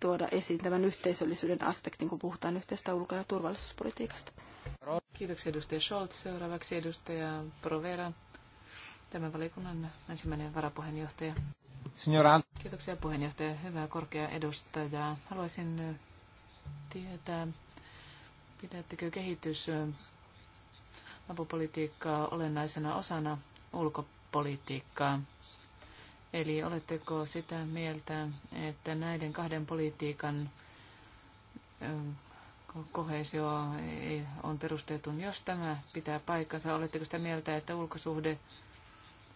tuoda esiin tämän yhteisöllisyyden aspektin, kun puhutaan yhteistä ulko- ja turvallisuuspolitiikasta? Kiitoksia edustaja Scholz. Seuraavaksi edustaja Provera, tämän valiokunnan ensimmäinen varapuheenjohtaja. Signora. Kiitoksia puheenjohtaja. Hyvää korkea edustaja. Haluaisin tietää, pidättekö kehitys apupolitiikkaa olennaisena osana ulkopolitiikkaa? politiikkaa. Eli oletteko sitä mieltä, että näiden kahden politiikan kohesio on perusteetun, jos tämä pitää paikkansa? Oletteko sitä mieltä, että ulkosuhde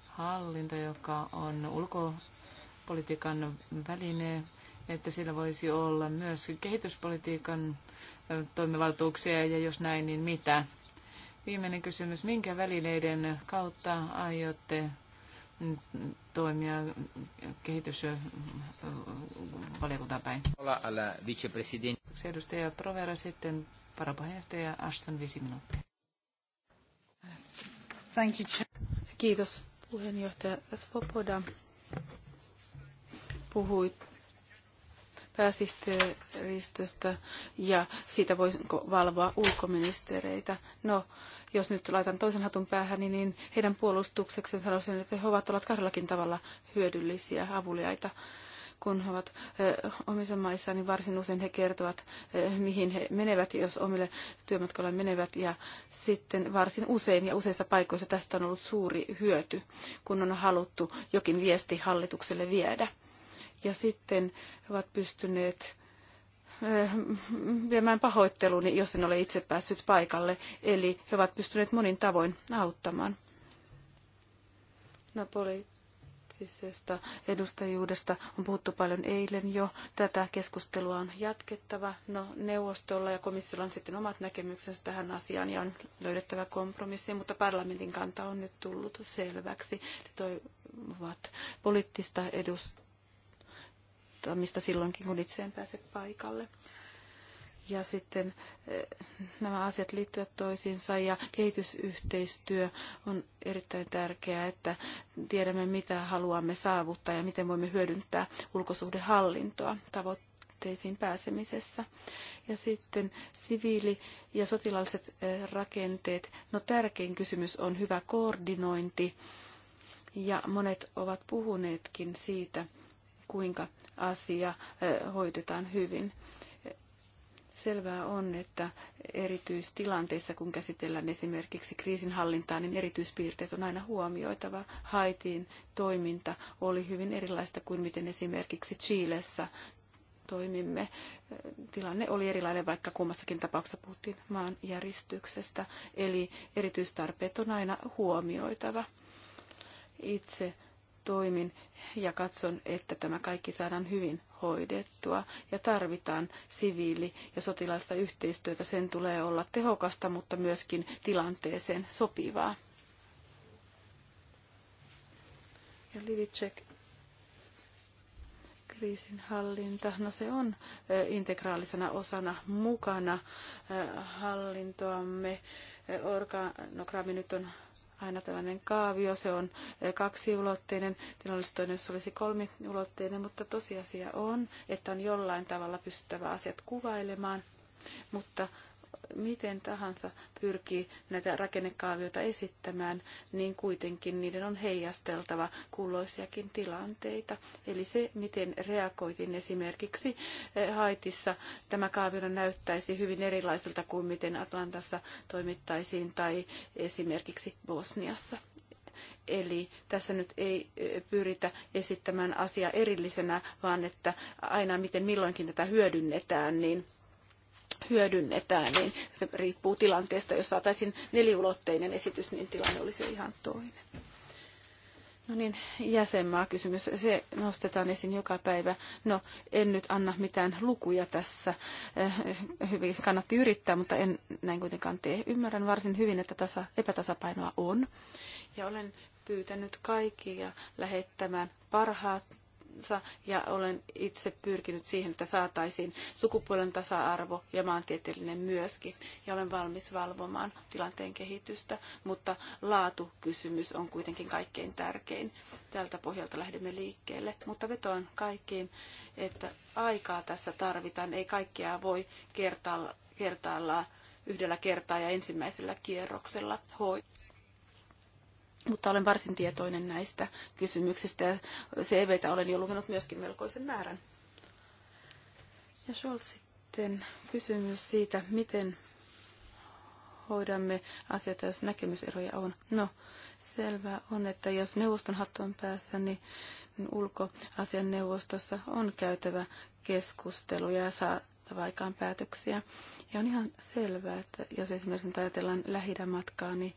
hallinta, joka on ulkopolitiikan väline, että sillä voisi olla myös kehityspolitiikan toimivaltuuksia ja jos näin, niin mitä? Viimeinen kysymys. Minkä välineiden kautta aiotte toimia kehitysvaliokuntaan päin? edustaja Provera sitten varapuheenjohtaja Ashton viisi minuuttia. Thank you. Kiitos puheenjohtaja Svoboda. Puhuit pääsihteeristöstä ja siitä voisinko valvoa ulkoministereitä. No, jos nyt laitan toisen hatun päähän, niin heidän puolustuksekseen sanoisin, että he ovat olleet kahdellakin tavalla hyödyllisiä, avuliaita kun he ovat omissa maissaan, niin varsin usein he kertovat, mihin he menevät, jos omille työmatkoille menevät. Ja sitten varsin usein ja useissa paikoissa tästä on ollut suuri hyöty, kun on haluttu jokin viesti hallitukselle viedä. Ja sitten he ovat pystyneet Äh, viemään pahoitteluni, jos en ole itse päässyt paikalle. Eli he ovat pystyneet monin tavoin auttamaan. No poli- edustajuudesta on puhuttu paljon eilen jo. Tätä keskustelua on jatkettava. No, neuvostolla ja komissiolla on sitten omat näkemyksensä tähän asiaan ja on löydettävä kompromissi, mutta parlamentin kanta on nyt tullut selväksi. Ne toivovat poliittista edustajaa kirjoittamista silloinkin, kun itse en pääse paikalle. Ja sitten eh, nämä asiat liittyvät toisiinsa ja kehitysyhteistyö on erittäin tärkeää, että tiedämme mitä haluamme saavuttaa ja miten voimme hyödyntää ulkosuhdehallintoa tavoitteisiin pääsemisessä. Ja sitten siviili- ja sotilaalliset eh, rakenteet. No tärkein kysymys on hyvä koordinointi. Ja monet ovat puhuneetkin siitä, kuinka asia hoidetaan hyvin. Selvää on, että erityistilanteissa, kun käsitellään esimerkiksi kriisinhallintaa, niin erityispiirteet on aina huomioitava. Haitiin toiminta oli hyvin erilaista kuin miten esimerkiksi Chiilessä toimimme. Tilanne oli erilainen, vaikka kummassakin tapauksessa puhuttiin järjestyksestä. eli erityistarpeet on aina huomioitava. Itse toimin ja katson, että tämä kaikki saadaan hyvin hoidettua ja tarvitaan siviili- ja sotilaista yhteistyötä. Sen tulee olla tehokasta, mutta myöskin tilanteeseen sopivaa. Ja Livicek, kriisinhallinta, no se on integraalisena osana mukana hallintoamme. Organogrammi nyt on aina tällainen kaavio, se on eh, kaksiulotteinen, tilanne olisi toinen, olisi kolmiulotteinen, mutta tosiasia on, että on jollain tavalla pystyttävä asiat kuvailemaan, mutta miten tahansa pyrkii näitä rakennekaavioita esittämään, niin kuitenkin niiden on heijasteltava kulloisiakin tilanteita. Eli se, miten reagoitiin esimerkiksi eh, Haitissa, tämä kaavio näyttäisi hyvin erilaiselta kuin miten Atlantassa toimittaisiin tai esimerkiksi Bosniassa. Eli tässä nyt ei eh, pyritä esittämään asiaa erillisenä, vaan että aina miten milloinkin tätä hyödynnetään, niin hyödynnetään, niin se riippuu tilanteesta. Jos saataisiin neliulotteinen esitys, niin tilanne olisi ihan toinen. No niin, jäsenmaa kysymys. Se nostetaan esiin joka päivä. No, en nyt anna mitään lukuja tässä. Eh, hyvin kannatti yrittää, mutta en näin kuitenkaan tee. Ymmärrän varsin hyvin, että tasa, epätasapainoa on. Ja olen pyytänyt kaikkia lähettämään parhaat ja olen itse pyrkinyt siihen, että saataisiin sukupuolen tasa-arvo ja maantieteellinen myöskin. Ja olen valmis valvomaan tilanteen kehitystä, mutta laatukysymys on kuitenkin kaikkein tärkein. Tältä pohjalta lähdemme liikkeelle, mutta vetoan kaikkiin, että aikaa tässä tarvitaan. Ei kaikkea voi kertailla, kertaillaan yhdellä kertaa ja ensimmäisellä kierroksella hoitaa mutta olen varsin tietoinen näistä kysymyksistä ja CVtä olen jo lukenut myöskin melkoisen määrän. Ja Scholz sitten kysymys siitä, miten hoidamme asioita, jos näkemyseroja on. No, selvää on, että jos neuvoston on päässä, niin ulkoasian neuvostossa on käytävä keskusteluja ja saatava aikaan päätöksiä. Ja on ihan selvää, että jos esimerkiksi ajatellaan lähidämatkaa, niin,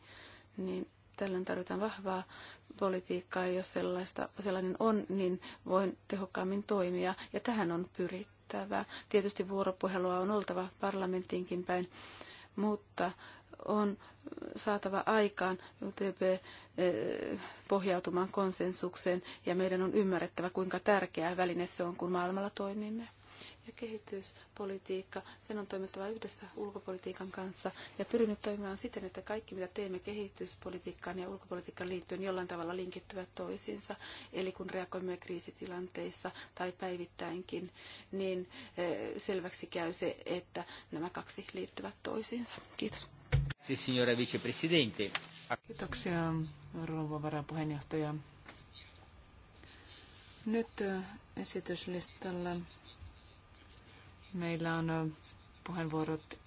niin Tällöin tarvitaan vahvaa politiikkaa, ja jos sellaista, sellainen on, niin voin tehokkaammin toimia, ja tähän on pyrittävä. Tietysti vuoropuhelua on oltava parlamenttiinkin päin, mutta on saatava aikaan UTP eh, pohjautumaan konsensukseen ja meidän on ymmärrettävä, kuinka tärkeä väline se on, kun maailmalla toimimme ja kehityspolitiikka, sen on toimittava yhdessä ulkopolitiikan kanssa ja pyrimme toimimaan siten, että kaikki mitä teemme kehityspolitiikkaan ja ulkopolitiikkaan liittyen jollain tavalla linkittyvät toisiinsa. Eli kun reagoimme kriisitilanteissa tai päivittäinkin, niin eh, selväksi käy se, että nämä kaksi liittyvät toisiinsa. Kiitos. vicepresidente. Kiitoksia, rouva varapuheenjohtaja. Nyt eh, esityslistalla Meillä on puheenvuorot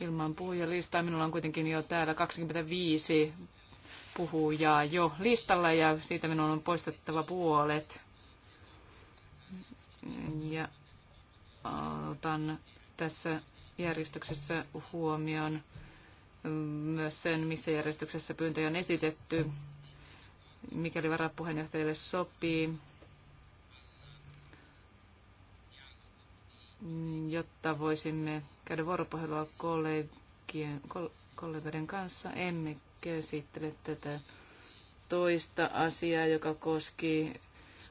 ilman puhujalistaa. Minulla on kuitenkin jo täällä 25 puhujaa jo listalla ja siitä minun on poistettava puolet. Ja otan tässä järjestyksessä huomioon myös sen, missä järjestyksessä pyyntöjä on esitetty. Mikäli varapuheenjohtajalle sopii, jotta voisimme käydä vuoropuhelua kollegien, kollegoiden kanssa, emme käsittele tätä toista asiaa, joka koski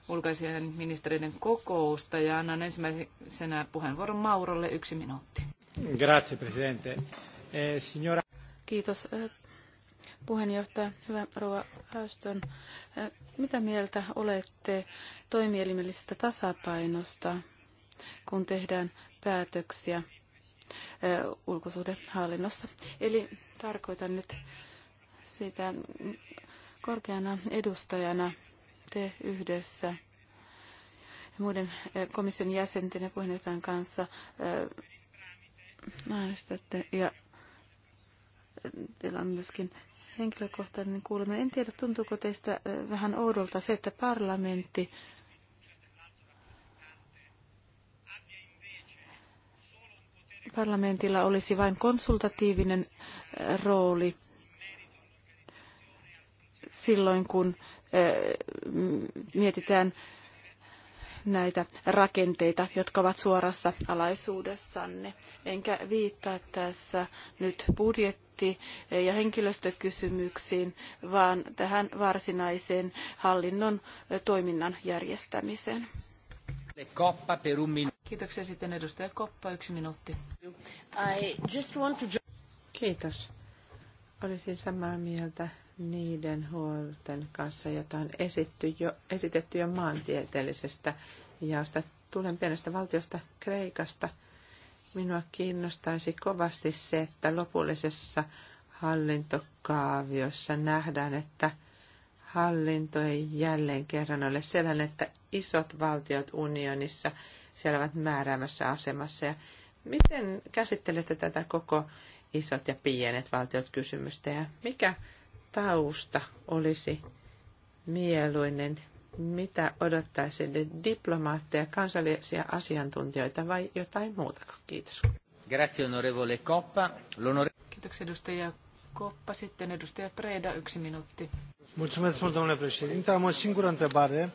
ulkoisien ministeriöiden kokousta. Ja annan ensimmäisenä puheenvuoron Maurolle yksi minuutti. Grazie, presidente. Eh, signora... Kiitos eh, puheenjohtaja, hyvä rouva Ashton. Eh, mitä mieltä olette toimielimellisestä tasapainosta kun tehdään päätöksiä ulkosuhdehallinnossa. Eli tarkoitan nyt sitä korkeana edustajana te yhdessä muiden komission jäsenten ja puheenjohtajan kanssa äänestätte ja teillä on myöskin henkilökohtainen kuuleminen. En tiedä, tuntuuko teistä vähän oudolta se, että parlamentti parlamentilla olisi vain konsultatiivinen äh, rooli silloin, kun äh, mietitään näitä rakenteita, jotka ovat suorassa alaisuudessanne. Enkä viittaa tässä nyt budjetti- ja henkilöstökysymyksiin, vaan tähän varsinaiseen hallinnon äh, toiminnan järjestämiseen. Kiitoksia sitten edustaja Koppa, yksi minuutti. I just want to... Kiitos. Olisin samaa mieltä niiden huolten kanssa, jota on esitty jo, esitetty jo maantieteellisestä jaosta. Tulen pienestä valtiosta Kreikasta. Minua kiinnostaisi kovasti se, että lopullisessa hallintokaaviossa nähdään, että hallinto ei jälleen kerran ole sellainen, että isot valtiot unionissa siellä ovat määräämässä asemassa ja Miten käsittelette tätä koko isot ja pienet valtiot kysymystä ja mikä tausta olisi mieluinen, mitä odottaisitte diplomaatteja, kansallisia asiantuntijoita vai jotain muuta? Kiitos. Grazie onorevole Coppa. L'onore... Kiitoksia edustaja Coppa. Sitten edustaja Preda, yksi minuutti. Mulțumesc mult, domnule președinte. Am o singură întrebare.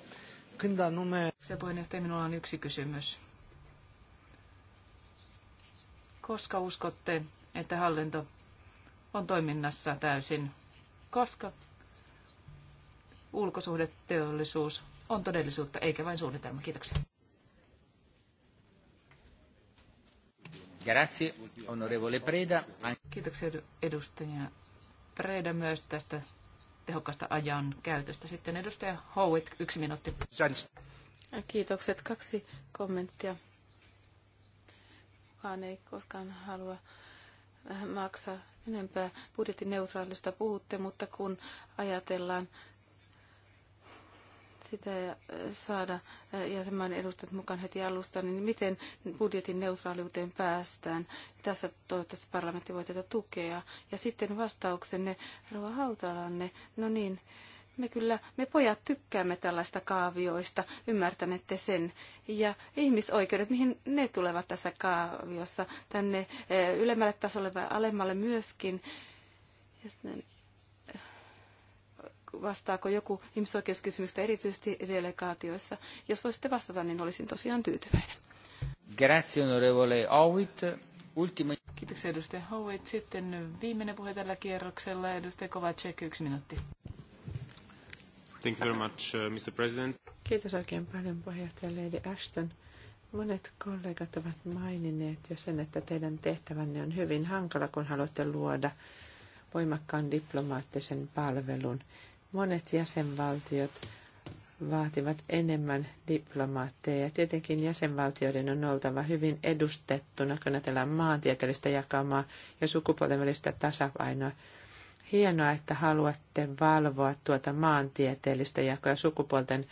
Când anume... Se puheenjohtaja, minulla on yksi kysymys. Koska uskotte, että hallinto on toiminnassa täysin? Koska ulkosuhdeteollisuus on todellisuutta eikä vain suunnitelma. Kiitoksia. Grazie, onorevole Preda. Kiitoksia edustaja Preda myös tästä tehokkaasta ajan käytöstä. Sitten edustaja Howitt, yksi minuutti. Kiitokset. Kaksi kommenttia kukaan ei koskaan halua maksaa enempää. Budjettineutraalista puhutte, mutta kun ajatellaan sitä ja saada jäsenmaan edustajat mukaan heti alusta, niin miten budjetin neutraaliuteen päästään? Tässä toivottavasti parlamentti voi tätä tukea. Ja sitten vastauksenne, Rova Hautalanne, no niin, me kyllä, me pojat tykkäämme tällaista kaavioista, ymmärtänette sen. Ja ihmisoikeudet, mihin ne tulevat tässä kaaviossa, tänne eh, ylemmälle tasolle vai alemmalle myöskin. Ja sitten, eh, vastaako joku ihmisoikeuskysymystä erityisesti delegaatioissa? Jos voisitte vastata, niin olisin tosiaan tyytyväinen. Grazie, onorevole Howitt. Ultima... Kiitoksia, edustaja Howitt. Sitten viimeinen puhe tällä kierroksella, edustaja Kovacek, yksi minuutti. Thank you very much, uh, Mr. President. Kiitos oikein paljon puheenjohtaja Lady Ashton. Monet kollegat ovat maininneet jo sen, että teidän tehtävänne on hyvin hankala, kun haluatte luoda voimakkaan diplomaattisen palvelun. Monet jäsenvaltiot vaativat enemmän diplomaatteja. Tietenkin jäsenvaltioiden on oltava hyvin edustettuna, kun ajatellaan maantieteellistä jakamaa ja sukupuolten välistä tasapainoa. Hienoa, että haluatte valvoa tuota maantieteellistä jakoa ja sukupuolten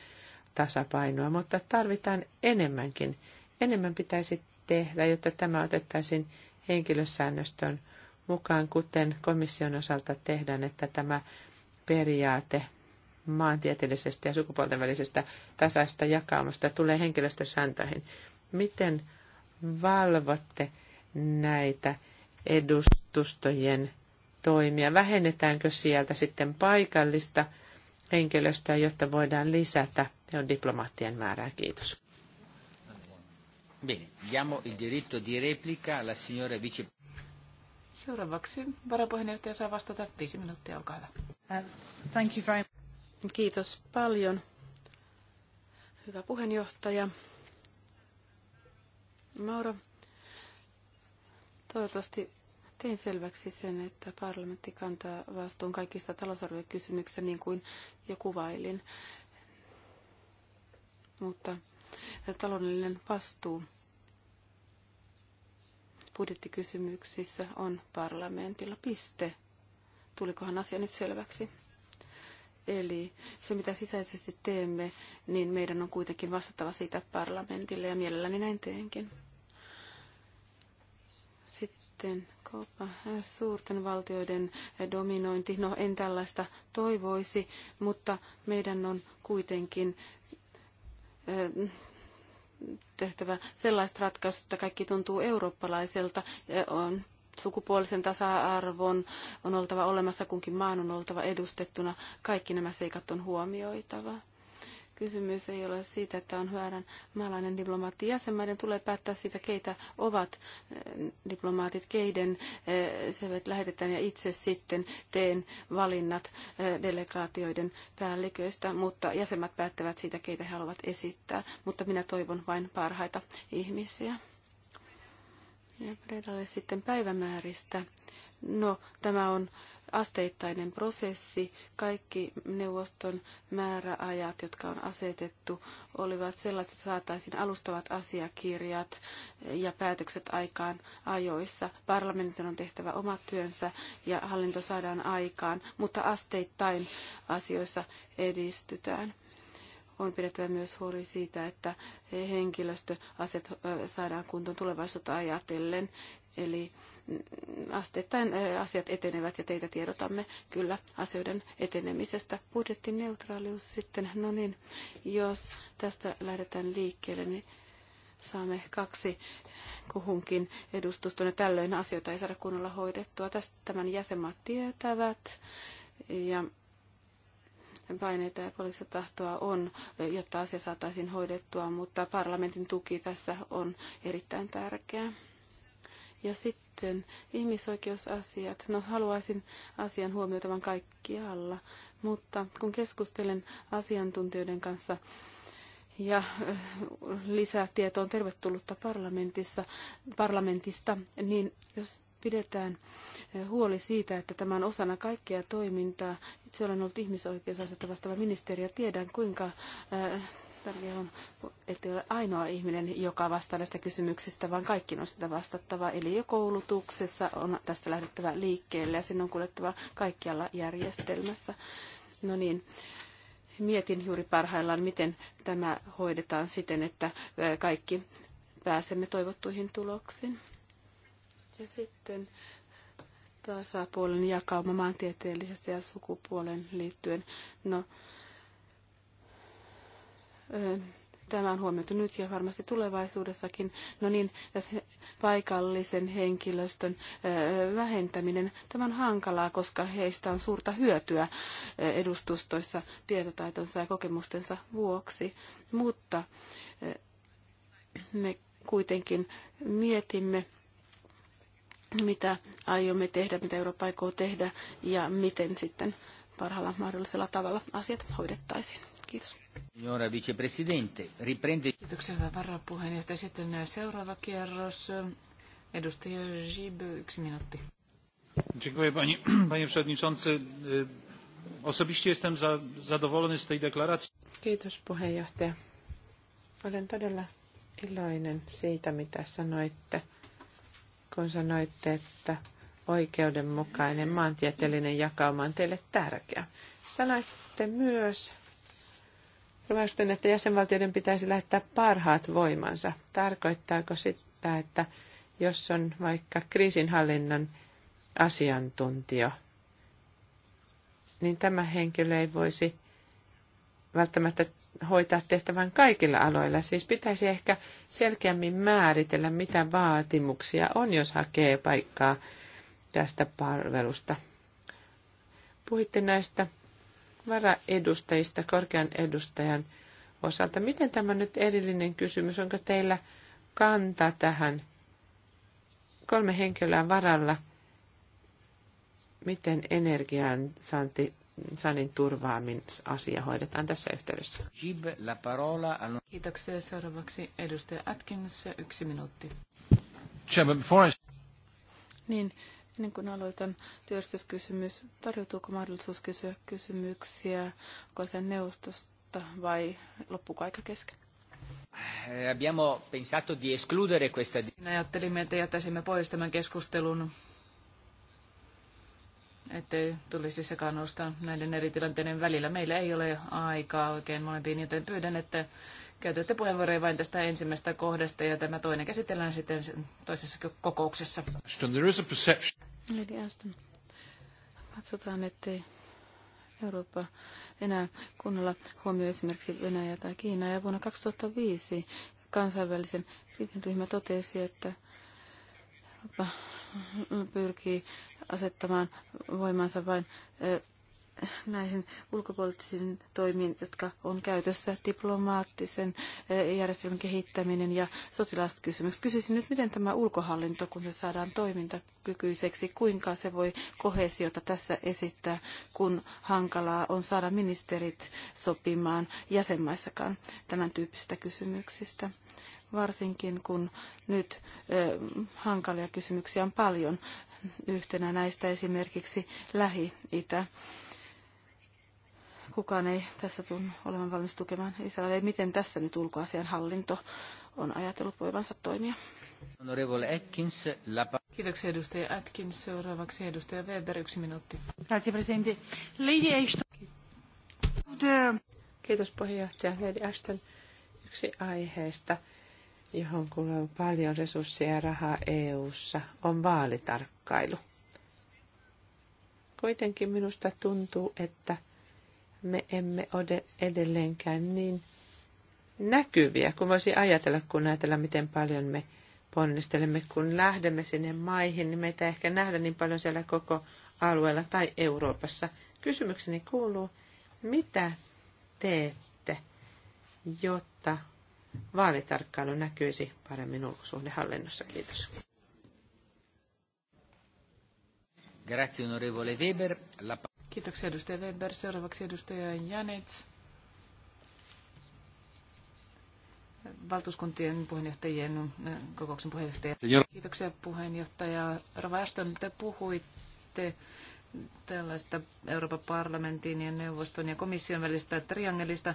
tasapainoa, mutta tarvitaan enemmänkin. Enemmän pitäisi tehdä, jotta tämä otettaisiin henkilösäännöstön mukaan, kuten komission osalta tehdään, että tämä periaate maantieteellisestä ja sukupuolten välisestä tasaista jakaumasta tulee henkilöstösääntöihin. Miten valvotte näitä edustustojen toimia? Vähennetäänkö sieltä sitten paikallista henkilöstöä, jotta voidaan lisätä on diplomaattien määrää? Kiitos. Seuraavaksi varapuheenjohtaja saa vastata viisi minuuttia, olkaa hyvä. Uh, thank you very... Kiitos paljon, hyvä puheenjohtaja. Mauro, toivottavasti Tein selväksi sen, että parlamentti kantaa vastuun kaikista talousarviokysymyksistä niin kuin jo kuvailin. Mutta taloudellinen vastuu budjettikysymyksissä on parlamentilla piste. Tulikohan asia nyt selväksi? Eli se, mitä sisäisesti teemme, niin meidän on kuitenkin vastattava siitä parlamentille ja mielelläni näin teenkin. Sitten kauppa äh, suurten valtioiden äh, dominointi. No en tällaista toivoisi, mutta meidän on kuitenkin äh, tehtävä sellaista ratkaisua, että kaikki tuntuu eurooppalaiselta. On sukupuolisen tasa-arvon on oltava olemassa, kunkin maan on oltava edustettuna. Kaikki nämä seikat on huomioitava. Kysymys ei ole siitä, että on väärän maalainen diplomaatti. Jäsenmaiden tulee päättää siitä, keitä ovat eh, diplomaatit, keiden eh, se lähetetään ja itse sitten teen valinnat eh, delegaatioiden päälliköistä, mutta jäsenmät päättävät siitä, keitä he haluavat esittää. Mutta minä toivon vain parhaita ihmisiä. Ja Predalle sitten päivämääristä. No, tämä on asteittainen prosessi. Kaikki neuvoston määräajat, jotka on asetettu, olivat sellaiset, että saataisiin alustavat asiakirjat ja päätökset aikaan ajoissa. Parlamentin on tehtävä omat työnsä ja hallinto saadaan aikaan, mutta asteittain asioissa edistytään on pidettävä myös huoli siitä, että henkilöstöaset saadaan kuntoon tulevaisuutta ajatellen. Eli asteittain asiat etenevät ja teitä tiedotamme kyllä asioiden etenemisestä. Budjettineutraalius sitten, no niin, jos tästä lähdetään liikkeelle, niin saamme kaksi kuhunkin edustuston ja no, tällöin asioita ei saada kunnolla hoidettua. Tästä tämän jäsenmaat tietävät ja paineita ja poliisin tahtoa on, jotta asia saataisiin hoidettua, mutta parlamentin tuki tässä on erittäin tärkeää. Ja sitten ihmisoikeusasiat. No haluaisin asian huomioitavan kaikkialla, mutta kun keskustelen asiantuntijoiden kanssa ja eh, tietoa on tervetullutta parlamentissa, parlamentista, niin jos pidetään eh, huoli siitä, että tämä on osana kaikkea toimintaa. Itse olen ollut ihmisoikeusasioita vastaava ministeri ja tiedän, kuinka eh, tärkeää on, ettei ole ainoa ihminen, joka vastaa näistä kysymyksistä, vaan kaikki on sitä vastattava. Eli jo koulutuksessa on tästä lähdettävä liikkeelle ja sinne on kuljettava kaikkialla järjestelmässä. No niin, mietin juuri parhaillaan, miten tämä hoidetaan siten, että kaikki pääsemme toivottuihin tuloksiin. Ja sitten tasapuolen jakauma maantieteellisesti ja sukupuolen liittyen. No, Tämä on huomioitu nyt ja varmasti tulevaisuudessakin. No niin, tässä paikallisen henkilöstön vähentäminen, tämä on hankalaa, koska heistä on suurta hyötyä edustustoissa tietotaitonsa ja kokemustensa vuoksi. Mutta me kuitenkin mietimme, mitä aiomme tehdä, mitä Eurooppa aikoo tehdä ja miten sitten parhaalla mahdollisella tavalla asiat hoidettaisiin. Kiitos. Signora vicepresidente, riprende... Kiitoksia hyvä varapuheenjohtaja. Sitten seuraava kierros. Edustaja Zib, yksi minuutti. Dziękuję pani, panie przewodniczący. Osobiście jestem za, zadowolony z tej deklaracji. Kiitos puheenjohtaja. Olen todella iloinen siitä, mitä sanoitte, kun sanoitte, että oikeudenmukainen maantieteellinen jakauma on teille tärkeä. Sanoitte myös, Ruvasten, että jäsenvaltioiden pitäisi lähettää parhaat voimansa. Tarkoittaako sitä, että jos on vaikka kriisinhallinnan asiantuntija, niin tämä henkilö ei voisi välttämättä hoitaa tehtävän kaikilla aloilla. Siis pitäisi ehkä selkeämmin määritellä, mitä vaatimuksia on, jos hakee paikkaa tästä palvelusta. Puhitte näistä varaedustajista korkean edustajan osalta. Miten tämä nyt erillinen kysymys? Onko teillä kanta tähän kolme henkilöä varalla? Miten energian saanti Sanin turvaamin asia hoidetaan tässä yhteydessä. Kiitoksia. Seuraavaksi edustaja Atkins, yksi minuutti. Niin, Ennen kuin aloitan työstyskysymys, tarjoutuuko mahdollisuus kysyä kysymyksiä, sen neuvostosta vai loppuuko aika kesken? Eh, abbiamo pensato di escludere questa... ajattelimme, että jättäisimme pois tämän keskustelun, ettei tulisi sekaannusta näiden eri tilanteiden välillä. Meillä ei ole aikaa oikein molempiin, joten pyydän, että käytätte puheenvuoroja vain tästä ensimmäisestä kohdasta ja tämä toinen käsitellään sitten toisessa kokouksessa. There is a perception. Lady Aston. Katsotaan, ettei Eurooppa enää kunnolla huomioi esimerkiksi Venäjä tai Kiina Ja vuonna 2005 kansainvälisen ryhmä totesi, että Eurooppa pyrkii asettamaan voimansa vain eh, näihin ulkopoliittisiin toimiin, jotka on käytössä, diplomaattisen eh, järjestelmän kehittäminen ja sotilaalliset kysymykset. Kysyisin nyt, miten tämä ulkohallinto, kun se saadaan toimintakykyiseksi, kuinka se voi kohesiota tässä esittää, kun hankalaa on saada ministerit sopimaan jäsenmaissakaan tämän tyyppisistä kysymyksistä varsinkin kun nyt ö, eh, hankalia kysymyksiä on paljon. Yhtenä näistä esimerkiksi Lähi-Itä kukaan ei tässä tunnu olevan valmis tukemaan Israelia. Miten tässä nyt ulkoasian hallinto on ajatellut voivansa toimia? Kiitoksia edustaja Atkins. Seuraavaksi edustaja Weber, yksi minuutti. Lady Ashton. Kiitos puheenjohtaja Lady Ashton. Yksi aiheesta, johon kuluu paljon resursseja ja rahaa EU-ssa, on vaalitarkkailu. Kuitenkin minusta tuntuu, että – me emme ole edelleenkään niin näkyviä kun voisi ajatella, kun ajatella, miten paljon me ponnistelemme, kun lähdemme sinne maihin, niin meitä ehkä nähdä niin paljon siellä koko alueella tai Euroopassa. Kysymykseni kuuluu, mitä teette, jotta vaalitarkkailu näkyisi paremmin ulkosuhdehallinnossa? Kiitos. Grazie onorevole Weber. La... Kiitoksia edustaja Weber. Seuraavaksi edustaja Janets. valtuuskuntien puheenjohtajien äh, kokouksen puheenjohtaja. Kiitoksia puheenjohtaja. Rova Aston, te puhuitte tällaista Euroopan parlamentin ja neuvoston ja komission välistä triangelista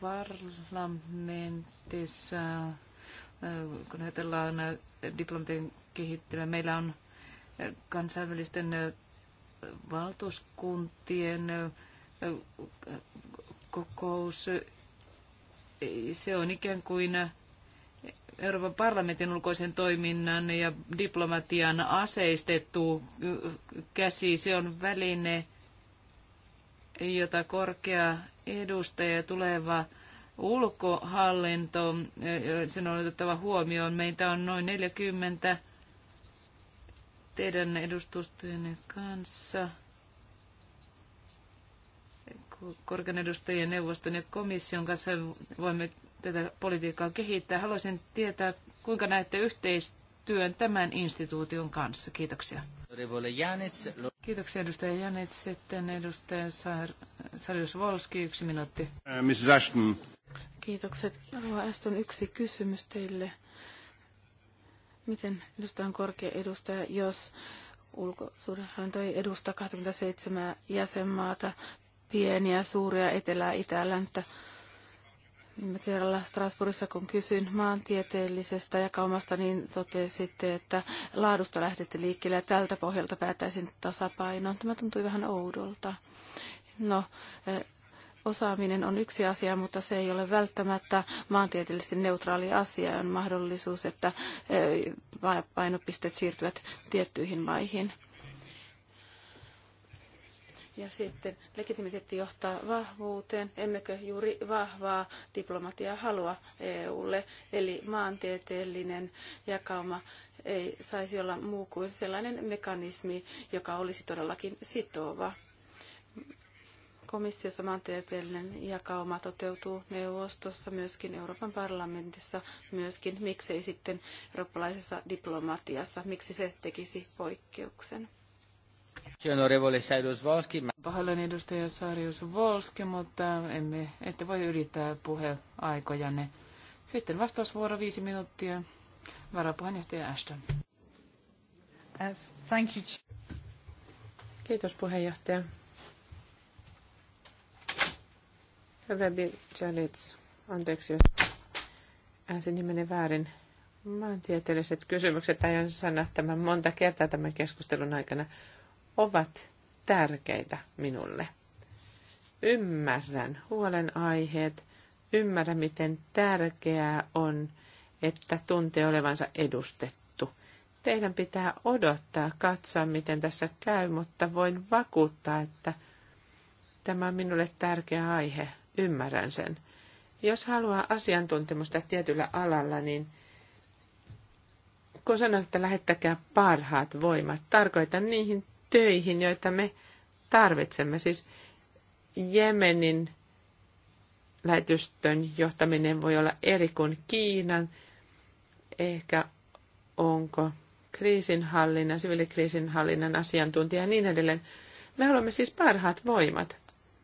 parlamentissa, äh, kun ajatellaan äh, diplomatian kehittelyä. Meillä on kansainvälisten valtuuskuntien kokous, se on ikään kuin Euroopan parlamentin ulkoisen toiminnan ja diplomatian aseistettu käsi. Se on väline, jota korkea edustaja tuleva ulkohallinto, sen on otettava huomioon. Meitä on noin 40 teidän edustustojenne kanssa, korkean edustajien neuvoston ja komission kanssa voimme tätä politiikkaa kehittää. Haluaisin tietää, kuinka näette yhteistyön tämän instituution kanssa. Kiitoksia. Kiitoksia edustaja Janet. Sitten edustaja Sar- Sarjus Volski, yksi minuutti. Äh, Mrs. Ashton. Kiitokset. Rova Ashton, yksi kysymys teille Miten edustajan korkea edustaja, jos ulkosuudenhallinto ei edusta 27 jäsenmaata, pieniä, suuria, etelää, itää, länttä? Viime kerralla Strasbourgissa, kun kysyin maantieteellisestä jakaumasta, niin totesitte, että laadusta lähdette liikkeelle ja tältä pohjalta päätäisin tasapainoon. Tämä tuntui vähän oudolta. No, eh, Osaaminen on yksi asia, mutta se ei ole välttämättä maantieteellisesti neutraali asia. On mahdollisuus, että eh, painopisteet siirtyvät tiettyihin maihin. Ja sitten legitimiteetti johtaa vahvuuteen. Emmekö juuri vahvaa diplomatiaa halua EUlle? Eli maantieteellinen jakauma ei saisi olla muu kuin sellainen mekanismi, joka olisi todellakin sitova. Komissiossa maantieteellinen jakauma toteutuu neuvostossa, myöskin Euroopan parlamentissa, myöskin miksei sitten eurooppalaisessa diplomatiassa, miksi se tekisi poikkeuksen. Pahoillani edustaja Sarius Volski, mutta emme, ette voi yrittää puheaikojanne. Sitten vastausvuoro viisi minuuttia. Varapuheenjohtaja Ashton. Uh, thank you. Kiitos puheenjohtaja. Rabbi Janits, anteeksi, jos äänsin nimeni väärin. Maantieteelliset kysymykset, aion sanoa tämän monta kertaa tämän keskustelun aikana, ovat tärkeitä minulle. Ymmärrän huolenaiheet, ymmärrän miten tärkeää on, että tuntee olevansa edustettu. Teidän pitää odottaa, katsoa miten tässä käy, mutta voin vakuuttaa, että tämä on minulle tärkeä aihe ymmärrän sen. Jos haluaa asiantuntemusta tietyllä alalla, niin kun sanon, että lähettäkää parhaat voimat, tarkoitan niihin töihin, joita me tarvitsemme. Siis Jemenin lähetystön johtaminen voi olla eri kuin Kiinan. Ehkä onko kriisinhallinnan, siviilikriisinhallinnan asiantuntija ja niin edelleen. Me haluamme siis parhaat voimat.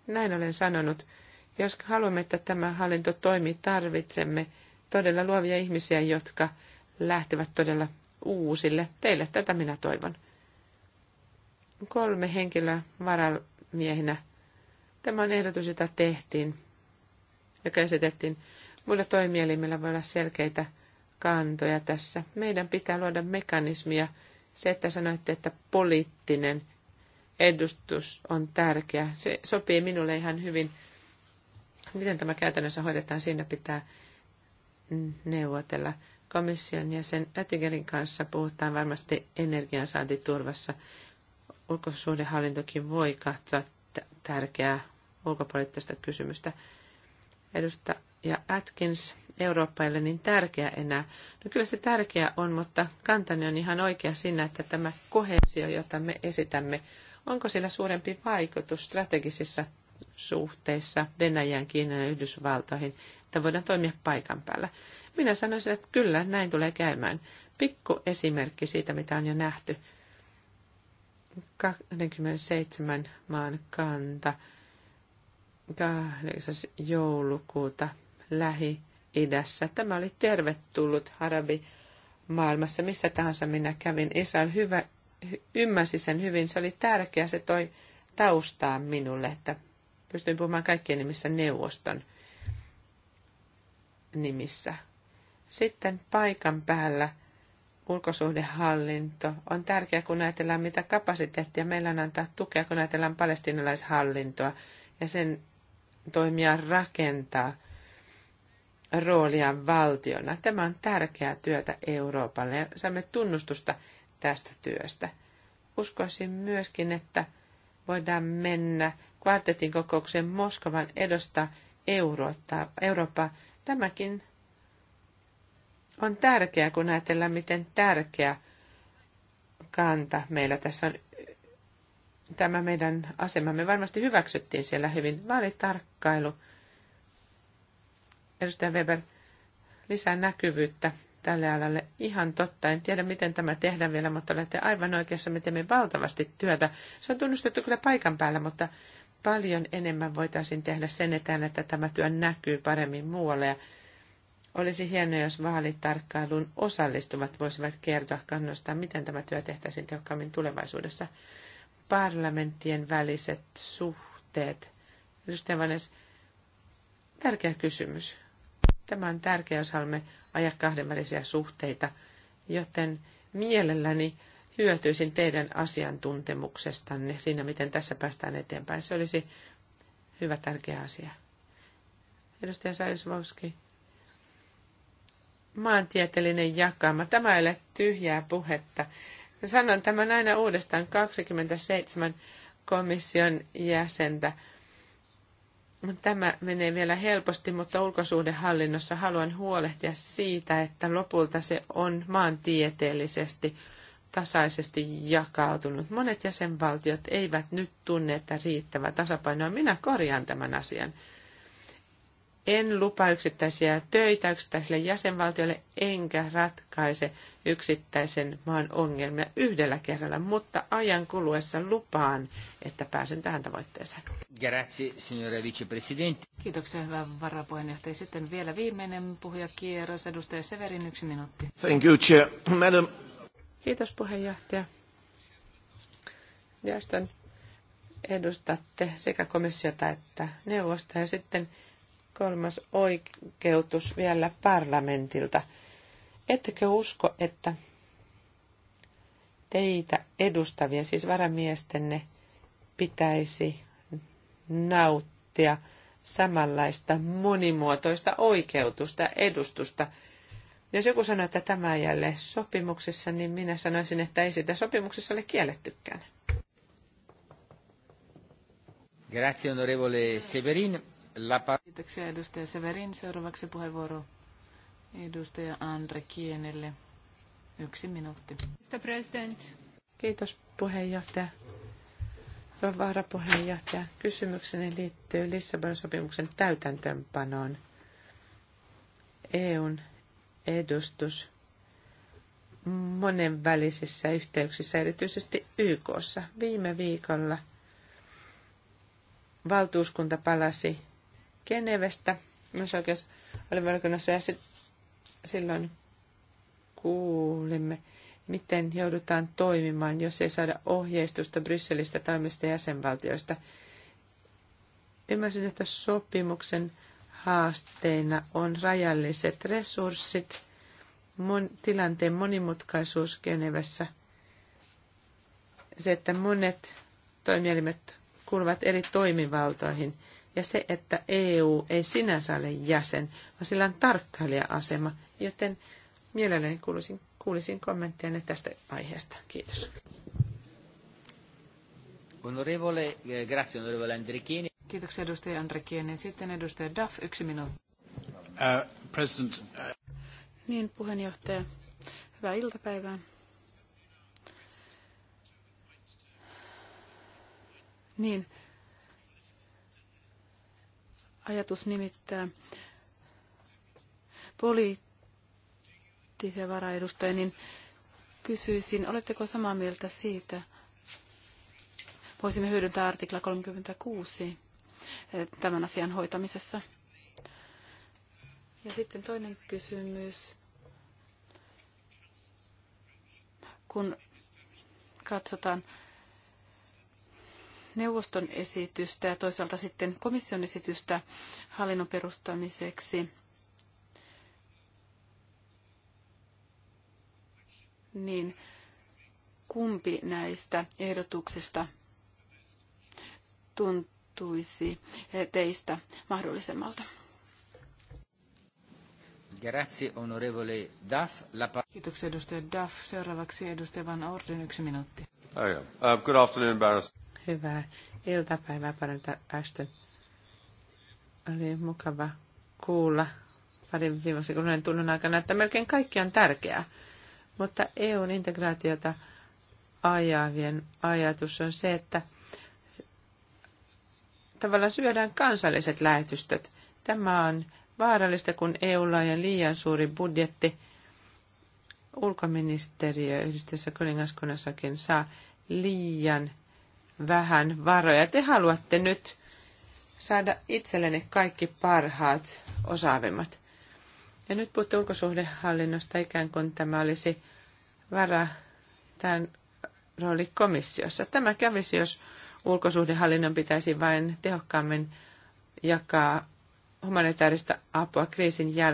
Näin olen sanonut jos haluamme, että tämä hallinto toimii, tarvitsemme todella luovia ihmisiä, jotka lähtevät todella uusille teille. Tätä minä toivon. Kolme henkilöä varamiehenä. Tämä on ehdotus, jota tehtiin, joka esitettiin. Muilla toimielimillä voi olla selkeitä kantoja tässä. Meidän pitää luoda mekanismia. Se, että sanoitte, että poliittinen edustus on tärkeä, se sopii minulle ihan hyvin – Miten tämä käytännössä hoidetaan, siinä pitää neuvotella. Komission sen Ötigelin kanssa puhutaan varmasti energiansaantiturvassa. Ulkosuhdehallintokin voi katsoa tärkeää ulkopoliittista kysymystä. Edusta ja Atkins, ole niin tärkeä enää. No kyllä se tärkeä on, mutta kantani on ihan oikea siinä, että tämä kohesio, jota me esitämme, onko sillä suurempi vaikutus strategisissa suhteissa Venäjän Kiinaan ja Yhdysvaltoihin, että voidaan toimia paikan päällä. Minä sanoisin, että kyllä, näin tulee käymään. Pikku esimerkki siitä, mitä on jo nähty. 27 maan kanta 8. joulukuuta Lähi-idässä. Tämä oli tervetullut arabi maailmassa, missä tahansa minä kävin. Israel hyvä, ymmärsi sen hyvin, se oli tärkeä, se toi taustaa minulle, että pystyin puhumaan kaikkien nimissä neuvoston nimissä. Sitten paikan päällä ulkosuhdehallinto on tärkeä, kun ajatellaan, mitä kapasiteettia meillä on antaa tukea, kun ajatellaan palestinalaishallintoa ja sen toimia rakentaa roolia valtiona. Tämä on tärkeää työtä Euroopalle ja saamme tunnustusta tästä työstä. Uskoisin myöskin, että voidaan mennä kvartetin kokoukseen Moskovan edosta Eurooppa. Eurooppa. Tämäkin on tärkeää, kun ajatellaan, miten tärkeä kanta meillä tässä on. Tämä meidän asemamme varmasti hyväksyttiin siellä hyvin. Vaalitarkkailu. Edustaja Weber, lisää näkyvyyttä tälle alalle. Ihan totta, en tiedä miten tämä tehdään vielä, mutta olette aivan oikeassa, me teemme valtavasti työtä. Se on tunnustettu kyllä paikan päällä, mutta paljon enemmän voitaisiin tehdä sen eteen, että tämä työ näkyy paremmin muualle. Ja olisi hienoa, jos vaalitarkkailuun osallistuvat voisivat kertoa kannustaa, miten tämä työ tehtäisiin tehokkaammin tulevaisuudessa. Parlamenttien väliset suhteet. Edustaja Vanes, tärkeä kysymys. Tämä on tärkeä, jos haluamme ajaa kahdenvälisiä suhteita, joten mielelläni hyötyisin teidän asiantuntemuksestanne siinä, miten tässä päästään eteenpäin. Se olisi hyvä, tärkeä asia. Edustaja Sajusvowski. Maantieteellinen jakama. Tämä ei ole tyhjää puhetta. Sanon tämän aina uudestaan 27 komission jäsentä No, tämä menee vielä helposti, mutta ulkosuhdehallinnossa haluan huolehtia siitä, että lopulta se on maantieteellisesti tasaisesti jakautunut. Monet jäsenvaltiot eivät nyt tunne, että riittävä tasapainoa. Minä korjaan tämän asian. En lupaa yksittäisiä töitä yksittäisille jäsenvaltioille, enkä ratkaise yksittäisen maan ongelmia yhdellä kerralla, mutta ajan kuluessa lupaan, että pääsen tähän tavoitteeseen. Grazie, signora vicepresidente. Kiitoksia, hyvä varapuheenjohtaja. Sitten vielä viimeinen puhujakierros, edustaja Severin, yksi minuutti. Thank you, chair. Madam. Kiitos, puheenjohtaja. Jaston, edustatte sekä komissiota että neuvosta ja sitten kolmas oikeutus vielä parlamentilta. Ettekö usko, että teitä edustavien, siis varamiestenne, pitäisi nauttia samanlaista monimuotoista oikeutusta, edustusta. Jos joku sanoo, että tämä ei ole sopimuksessa, niin minä sanoisin, että ei sitä sopimuksessa ole kiellettykään. Grazie, onorevole Severin. La... Kiitoksia edustaja Severin. Seuraavaksi puheenvuoro edustaja Andre Kienelle. Yksi minuutti. Mr. President. Kiitos puheenjohtaja. Varapuheenjohtaja, kysymykseni liittyy Lissabonin sopimuksen täytäntöönpanoon. EUn edustus monenvälisissä yhteyksissä, erityisesti YKssa. Viime viikolla valtuuskunta palasi Genevestä myös valkunnassa, ja sit, silloin kuulimme, miten joudutaan toimimaan, jos ei saada ohjeistusta Brysselistä tai mistä jäsenvaltioista. Ymmärsin, että sopimuksen haasteena on rajalliset resurssit, mon, tilanteen monimutkaisuus Genevessä, se, että monet toimielimet kuuluvat eri toimivaltoihin ja se, että EU ei sinänsä ole jäsen, vaan sillä on tarkkailija-asema, joten mielelläni kuulisin, kuulisin kommenttejanne tästä aiheesta. Kiitos. Onorevole, eh, grazie onorevole Andrikini. Kiitoksia edustaja Andrikini. Sitten edustaja Duff, yksi minuutti. Uh, president. Uh, niin, puheenjohtaja. Hyvää iltapäivää. Niin, ajatus nimittää poliittisen varaedustajan, niin kysyisin, oletteko samaa mieltä siitä, voisimme hyödyntää artikla 36 eh, tämän asian hoitamisessa. Ja sitten toinen kysymys. Kun katsotaan neuvoston esitystä ja toisaalta sitten komission esitystä hallinnon perustamiseksi. Niin kumpi näistä ehdotuksista tuntuisi teistä mahdollisemmalta? Grazie, onorevole Duff. La... Kiitoksia, edustaja Duff. Seuraavaksi edustaja Van Orden, yksi minuutti. Oh, yeah. uh, good afternoon, Baroness hyvää iltapäivää parantaa Ashton. Oli mukava kuulla parin viimeisen kuluneen tunnin aikana, että melkein kaikki on tärkeää. Mutta EUn integraatiota ajavien ajatus on se, että tavallaan syödään kansalliset lähetystöt. Tämä on vaarallista, kun EUlla on liian suuri budjetti. Ulkoministeriö yhdistössä kuningaskunnassakin saa liian vähän varoja. Te haluatte nyt saada itsellenne kaikki parhaat, osaavimmat. Ja nyt puhutte ulkosuhdehallinnosta ikään kuin tämä olisi vara tämän rooli komissiossa. Tämä kävisi, jos ulkosuhdehallinnon pitäisi vain tehokkaammin jakaa humanitaarista apua kriisin jälkeen